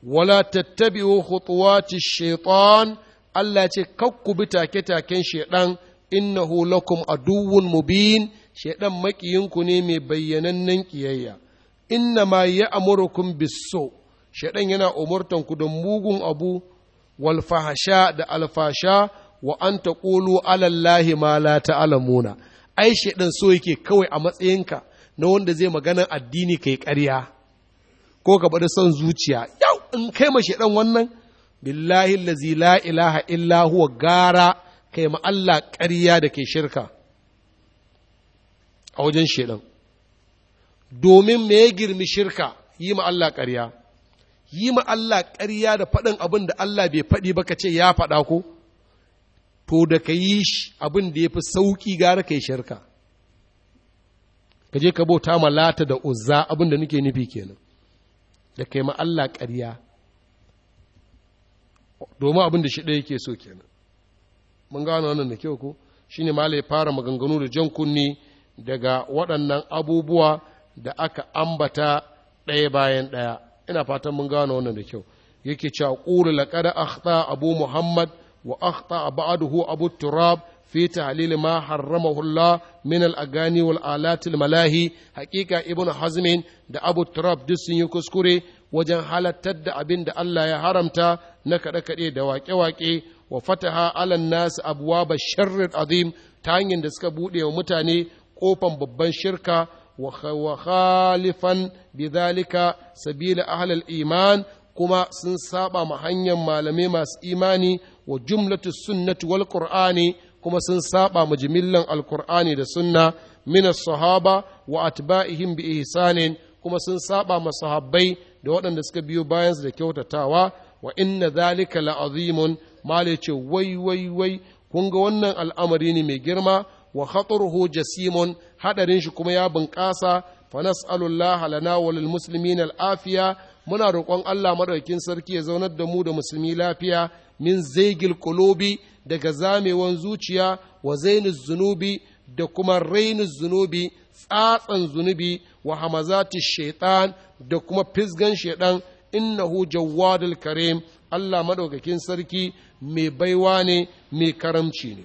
wala tattabi'u khutuwati shaitan Allah ya ce kakku bi take-taken shaidan innahu lakum aduwwun mubin Shaiɗan makiyinku ne mai bayyanannen kiyayya inna ma ya amurukum biso. Shaiɗan yana umurtanku da mugun abu والفحشاء ده da alfasha wa an الله ما لا تعلمون اي alamuna. ai سو so yake kawai a matsayinka na wanda zai magana addini kai ƙarya ko ka bada son zuciya yau in kai ma shedan wannan billahi allazi la ilaha illa huwa gara kai ma Allah ƙarya da ke shirka a wajen shedan domin me ya girmi shirka yi ma Allah ƙarya yi ma Allah ƙarya da faɗin abin da Allah bai faɗi ba ka ce ya faɗa ko to da ka yi abin da ya fi sauƙi gara ka yi shirka ka je ka bauta ma lata da uzza abin da nake nufi kenan da ka ma Allah ƙarya domin abin da shi ɗaya yake so kenan mun gano wannan da kyau ko shine ma ya fara maganganu da jan kunni daga waɗannan abubuwa da aka ambata ɗaya bayan ɗaya ina fatan mun gano wannan da kyau yake cewa qulu laqad akhta abu muhammad wa akhta ba'dahu abu turab fi tahlil ma harramahu Allah min al-agani wal alat al-malahi haqiqa ibn hazm da abu turab duk sun yi kuskure wajen halattar da abin da Allah ya haramta na kaɗe-kaɗe da waƙe-waƙe wa fataha alan nas abwaba sharrin azim ta hanyar da suka buɗe wa mutane kofan babban shirka وخالفا بذلك sabila ahlal iman kuma sun saɓa ma hanyar malamai masu imani wa jumlatu sunnati wal qur'ani kuma sun saɓa ma jimillan alqur'ani da sunna min sahaba wa atba'ihim bi ihsanin kuma sun saɓa ma sahabbai da waɗanda suka biyo bayansu da kyautatawa wa inna zalika la'azimun azimun male ce wai wai wai kun ga wannan al'amari ne mai girma wa khatruhu jasimun hadarin shi kuma ya bunƙasa fa nas'alullaha lana wa lil muslimin al afiya muna roƙon Allah madaukakin sarki ya zaunar da mu da musulmi lafiya min zaygil qulubi daga zamewan zuciya wa zainuz zunubi da kuma rainuz zunubi tsatsan zunubi wa hamazati shaitan da kuma fisgan shaitan innahu jawwadul karim Allah madaukakin sarki mai baiwa ne mai karamci ne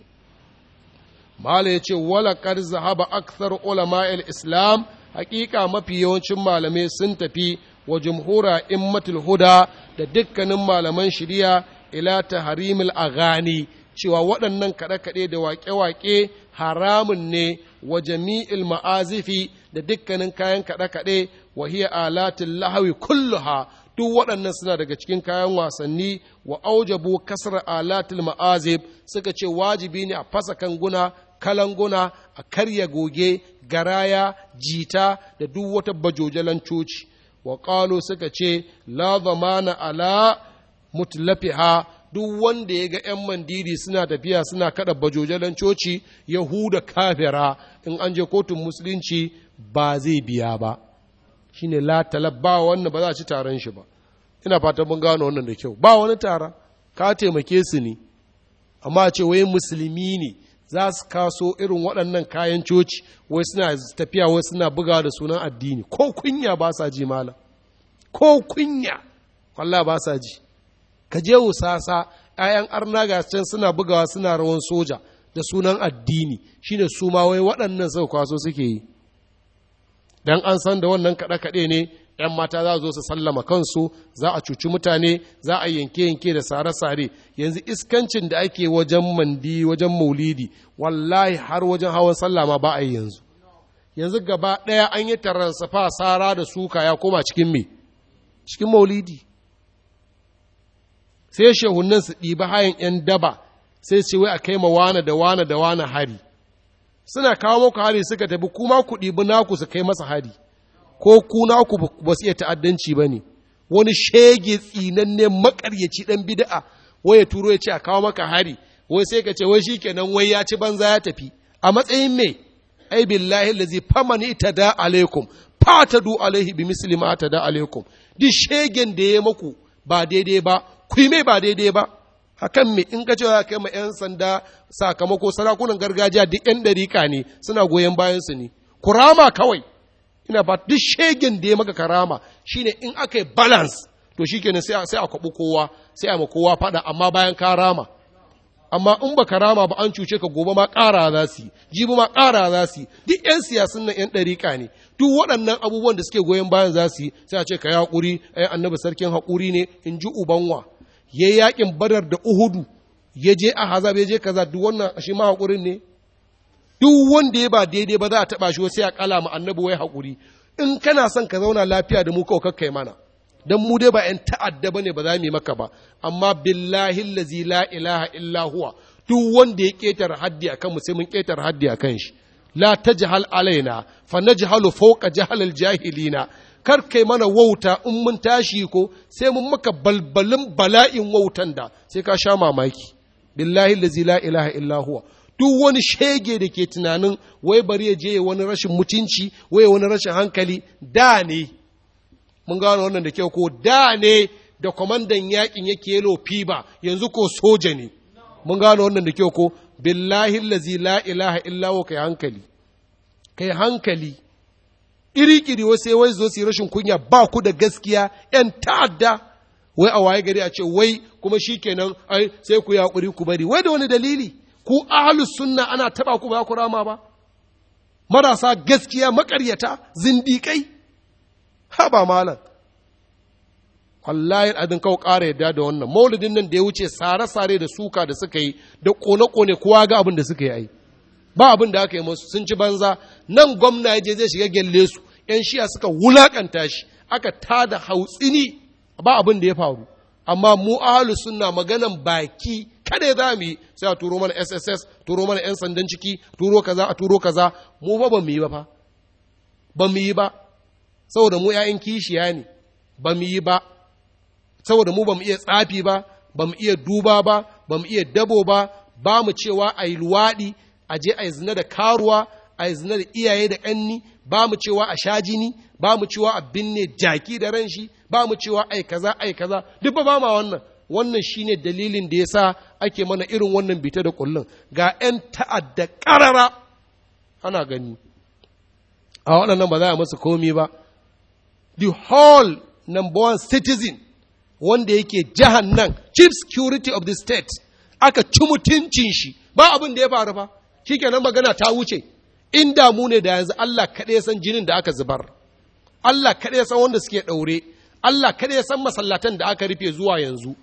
mala ya ce walakar zahaba aksar ulama islam hakika mafi yawancin malamai sun tafi wa jumhura immatul huda da dukkanin malaman shiriya ila taharimul agani cewa waɗannan kaɗe-kaɗe da waƙe-waƙe haramun ne wa jami'il ma'azifi da dukkanin kayan kaɗe-kaɗe wa hiya alatin lahawi kulluha duk waɗannan suna daga cikin kayan wasanni wa aujabu kasar alatil ma'azib suka ce wajibi ne a fasa kanguna kalanguna a karya goge garaya jita da duk wata bajojalan coci wa ƙalo suka ce la zamana ala mutlafiha duk wanda ya ga 'yan mandiri suna tafiya suna kada bajojalan coci huda kafira in an je kotun musulunci ba zai biya ba Shi ne la talabba wannan ba za a ci taron shi ba ina fata mun gano wannan da kyau ba wani tara ka taimake su ne amma a ce wai musulmi ne za su kaso irin waɗannan kayan coci wai suna tafiya wai suna bugawa da sunan addini ko kunya ba sa ji mala ko kunya wallah ba sa ji ka je wusasa 'ya'yan arna ga can suna bugawa suna rawan soja da sunan addini shine su ma wai waɗannan sau kwaso suke yi dan an san da wannan kaɗe-kaɗe ne 'yan mata za zo su sallama kansu za a cuci mutane za a yanke-yanke da sare-sare yanzu iskancin da ake wajen mandi wajen maulidi wallahi har wajen hawan sallama ba a yi yanzu yanzu gaba ɗaya an yi taransafa sara da suka ya koma cikin me cikin maulidi sai shehunan su ɗiba hayan 'yan daba sai ce wai a kai ma wane da wane da wane hari suna kawo maku hari suka tafi kuma kuɗi ɗibi naku su kai masa hari ko kuna ku ba su iya ta'addanci ba ne wani shege tsinanne makaryaci dan bid'a wai ya turo ya ce a kawo maka hari wai sai ka ce wai shi shikenan wai ya ci banza ya tafi a matsayin me ai billahi allazi famani tada alaikum fatadu alaihi bi misli ma tada alaikum Di shegen da ya maku ba daidai ba ku mai ba daidai ba hakan me in ka ce ya kai ma yan sanda sakamako sarakunan gargajiya duk yan dariƙa ne suna goyon bayan su ne kurama kawai ina ba duk shegen da ya maka karama shine in aka yi balance to shi kenan sai a kwaɓi kowa sai a ma kowa faɗa amma bayan karama amma in ba karama ba an cuce ka gobe ma ƙara za su yi jibi ma ƙara za su yi duk 'yan siyasun nan 'yan ɗariƙa ne duk waɗannan abubuwan da suke goyon bayan za su yi sai a ce ka yi haƙuri yi annabi sarkin haƙuri ne in ji ubanwa ya yi yaƙin badar da uhudu ya je a hazab ya je kaza duk wannan shi ma haƙurin ne duk wanda ya ba daidai ba za a taɓa shi wasu a kala mu annabi wai haƙuri in kana son ka zauna lafiya da mu kawai kakkai mana dan mu dai ba ‘yan ta'adda ba ne ba za mu yi maka ba, amma billahi lazi la ilaha illa huwa duk wanda ya ketar haddi a kanmu sai mun ketar haddi a kan shi. La ta alaina, fa na jihalu fauka jahili jahilina, kar kai mana wauta in mun tashi ko sai mun maka balbalin bala'in wautan da sai ka sha mamaki. Billahi lazi la ilaha illa duk wani shege da ke tunanin wai bari ya je ya wani rashin mutunci wai wani rashin hankali da ne mun gano wannan da kyau ko da ne da kwamandan yakin yake yelo fiba yanzu ko soja ne mun gano wannan da kyau ko billahi lazi la ilaha illa kai hankali kai hankali iri-iri wasu wai zo su rashin kunya ba ku da gaskiya ‘yan ta'adda wai a waye gari a ce wai kuma shi kenan ai sai ku yaƙuri ku bari wai da wani dalili ku ahlus sunna ana taba ku ba ku rama ba marasa gaskiya makaryata zindikai ha ba malam wallahi adin kawo ƙara yadda da wannan maulidin nan da ya wuce sare-sare da suka da suka yi da kone-kone kowa ga abin da suka yi ai ba abin da aka yi musu sun ci banza nan gwamna ya je zai shiga gelle su yan shiya suka wulakanta shi aka ta da hautsini ba abin da ya faru amma mu ahalu sunna maganan baki kada za mu yi sai a turo mana sss turo mana yan sandan ciki turo kaza a turo kaza mu ba ba mu yi ba fa ba mu yi ba saboda mu 'ya'yan kishiya ne ba mu yi ba saboda mu ba mu iya tsafi ba ba mu iya duba ba ba mu iya dabo ba ba mu cewa a yi luwaɗi a je a yi zina da karuwa a yi zina da iyaye da ƙanni ba mu cewa a sha jini ba mu cewa a binne jaki da ran shi ba mu cewa ai kaza ai kaza duk ba ma wannan wannan shine dalilin da ya sa ake mana irin wannan bita da kullum. ga 'yan ta'adda ƙarara ana gani a waɗannan ba za a masa komi ba the whole number one citizen wanda yake nan chief security of the state aka ci mutuncin shi ba abin da ya faru ba nan magana ta wuce in damu ne da yanzu Allah kaɗai san jinin da aka zubar Allah kaɗai san wanda suke ɗaure Allah kaɗai san masallatan da aka rufe zuwa yanzu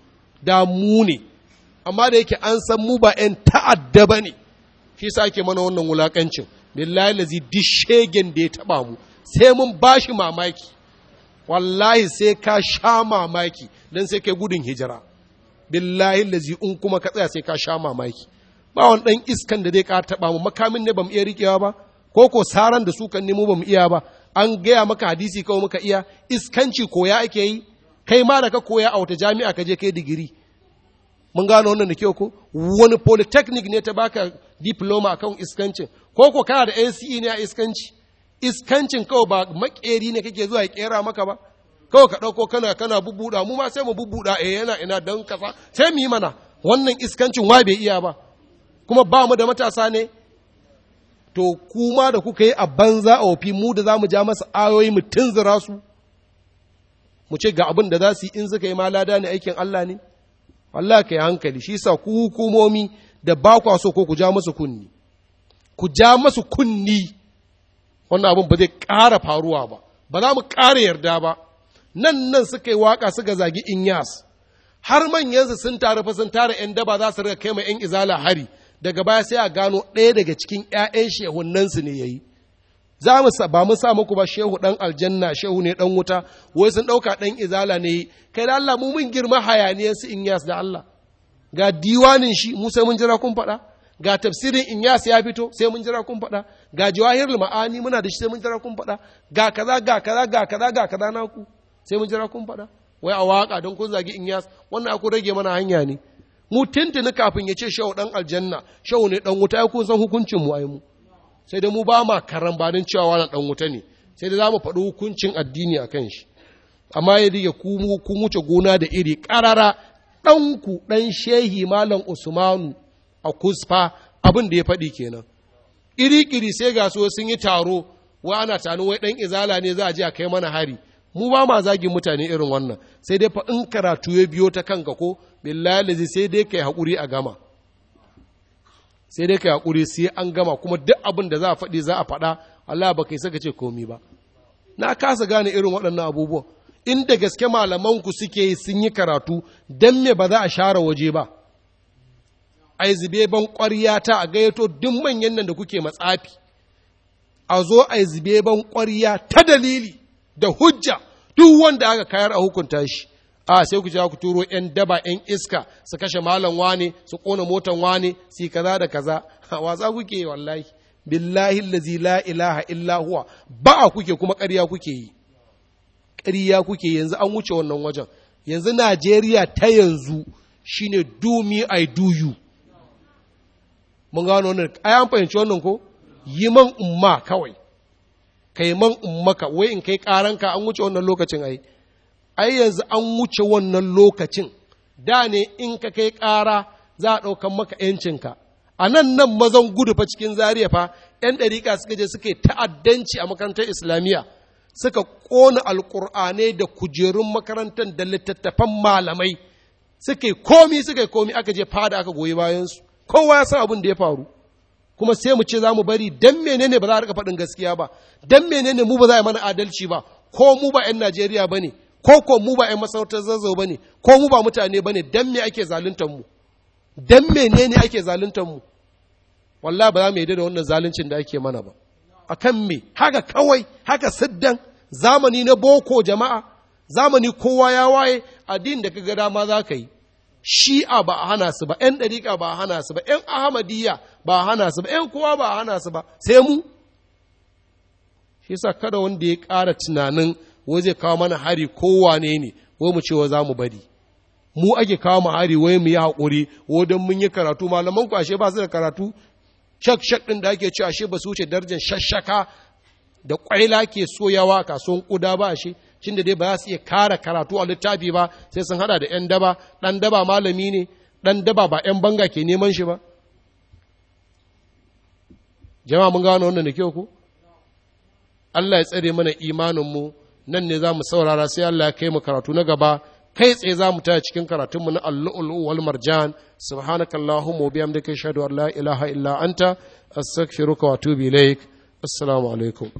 da mu ne amma da yake an san mu ba 'yan ta'adda ba ne shi sa ake mana wannan wulakancin billahi lazi duk shegen da ya taɓa mu sai mun ba shi mamaki wallahi sai ka sha mamaki don sai kai gudun hijira billahi lazi in kuma ka tsaya sai ka sha mamaki ba wani ɗan iskan da zai ƙara taɓa mu makamin ne ba mu iya riƙewa ba ko ko saran da su kan nemo ba mu iya ba an gaya maka hadisi kawai muka iya iskanci ko koya ake yi kai ma da ka koya a wata jami'a ka je kai digiri mun gano wannan da kyau ko wani polytechnic ne ta baka diploma kan iskancin ko ko kana da ACE ne a iskanci iskancin kawai ba makeri ne kake zuwa ya kera maka ba kawai ka ɗauko kana kana bubuɗa mu ma sai mu bubuɗa eh yana ina dan kasa sai mu yi mana wannan iskancin wa bai iya ba kuma ba mu da matasa ne to kuma da kuka yi a banza a wafi mu da zamu ja masa ayoyi mu tunzura su mu ce ga abin da za su yi in suka yi ma lada ne aikin Allah ne Allah ka yi hankali shi sa ku hukumomi da ba kwa so ko ku ja musu kunni ku ja masu kunni wannan abin ba zai ƙara faruwa ba ba za mu ƙara yarda ba nan nan suka yi waka suka zagi inyas har manyansu sun tare fa sun tare yan daba za su riga kai ma yan izala hari daga baya sai a gano ɗaya daga cikin 'ya'yan shehunansu ne yayi za mu ba mu sa muku ba shehu dan aljanna shehu ne dan wuta wai sun dauka dan izala ne kai da Allah mu mun girma hayaniyan su Inyas da Allah ga diwanin shi mu sai mun jira kun faɗa ga tafsirin Inyas ya fito sai mun jira kun faɗa ga jawahirul ma'ani muna da shi sai mun jira kun faɗa ga kaza ga kaza ga kaza ga kaza naku sai mun jira kun faɗa wai a waka don kun zagi Inyas wannan aku rage mana hanya ne mu tuntuni kafin ya ce shehu dan aljanna shehu ne dan wuta ya kun san hukuncin mu ai mu sai da mu ba ma karan banin cewa wani ɗan wuta ne sai da zamu faɗi hukuncin addini a kan shi amma ya diga ku wuce gona da iri ƙarara ɗanku ɗan shehi malam usmanu a kusfa abin da ya faɗi kenan iri kiri sai ga so sun yi taro wa ana tani wai ɗan izala ne za a je a kai mana hari mu ba ma zagin mutane irin wannan sai dai fa in karatu ya biyo ta kanka ko billahi sai dai kai hakuri a gama sai dai ka hakuri sai an gama kuma duk abin da za a faɗi za a faɗa Allah ba kai saka ce komi ba na kasa gane irin waɗannan abubuwa inda gaske malaman ku suke yi sun yi karatu dan me ba za a share waje ba ai zube ban ƙwarya ta a gayyato duk manyan nan da kuke matsafi a zo ai zube ban ƙwarya ta dalili da hujja duk wanda aka kayar a hukunta shi a sai ku ja ku turo yan daba yan iska su kashe malam wani su kona motan wani su kaza da kaza wasa kuke wallahi billahi allazi la ilaha illa huwa ba kuke kuma ƙarya kuke yi ƙarya kuke yanzu an wuce wannan wajen yanzu Najeriya ta yanzu shine do me I do you mun gano wannan ai an fahimci wannan ko yi man umma kawai kai man ka wai in kai karanka an wuce wannan lokacin ai ai yanzu an wuce wannan lokacin da ne in ka kai ƙara za a ɗaukan maka ‘yancinka a nan nan mazan gudu fa cikin zariya fa ‘yan ɗariƙa suka je suka ta'addanci a makarantar islamiyya suka ƙona alƙur'anai da kujerun makarantar da littattafan malamai suka yi komi suka komi aka je fada aka goyi bayansu kowa ya san abin da ya faru kuma sai mu ce za mu bari dan menene ba za a rika faɗin gaskiya ba dan menene mu ba za a yi mana adalci ba ko mu ba 'yan najeriya ba ne ko ko mu ba 'yan masarautar zazzau ba ne ko mu ba mutane ba ne don me ake zaluntar mu don menene ake zaluntar mu wallah ba za mu yarda da wannan zaluncin da ake mana ba akan me haka kawai haka siddan zamani na boko jama'a zamani kowa ya waye addin da kaga dama za ka yi shi'a ba a hana su ba yan ɗariƙa ba a hana su ba yan ahmadiyya ba a hana su ba yan kowa ba a hana su ba sai mu shi yasa kada wanda ya ƙara tunanin wai zai kawo mana hari ko wane ne wai mu cewa za mu bari mu ake kawo ma hari wai mu yi haƙuri wai mun yi karatu malaman ku ashe ba su da karatu shak shak ɗin da ake ci ashe ba su wuce darajar shashaka da kwaila ke soyawa a kasuwan kuda ba ashe cin da dai ba za su iya kara karatu a littafi ba sai sun hada da 'yan daba ɗan daba malami ne ɗan daba ba 'yan banga ke neman shi ba jama'a mun gano wannan da kyau ku Allah ya tsare mana imanin mu. nan ne za mu saurara sai Allah ya kai mu karatu na gaba kai tsaye za mu taya cikin karatunmu na allu'ulu wal marjan subhanaka allahumma wa bihamdika ashhadu an la ilaha illa anta astaghfiruka wa atubu ilaik assalamu alaikum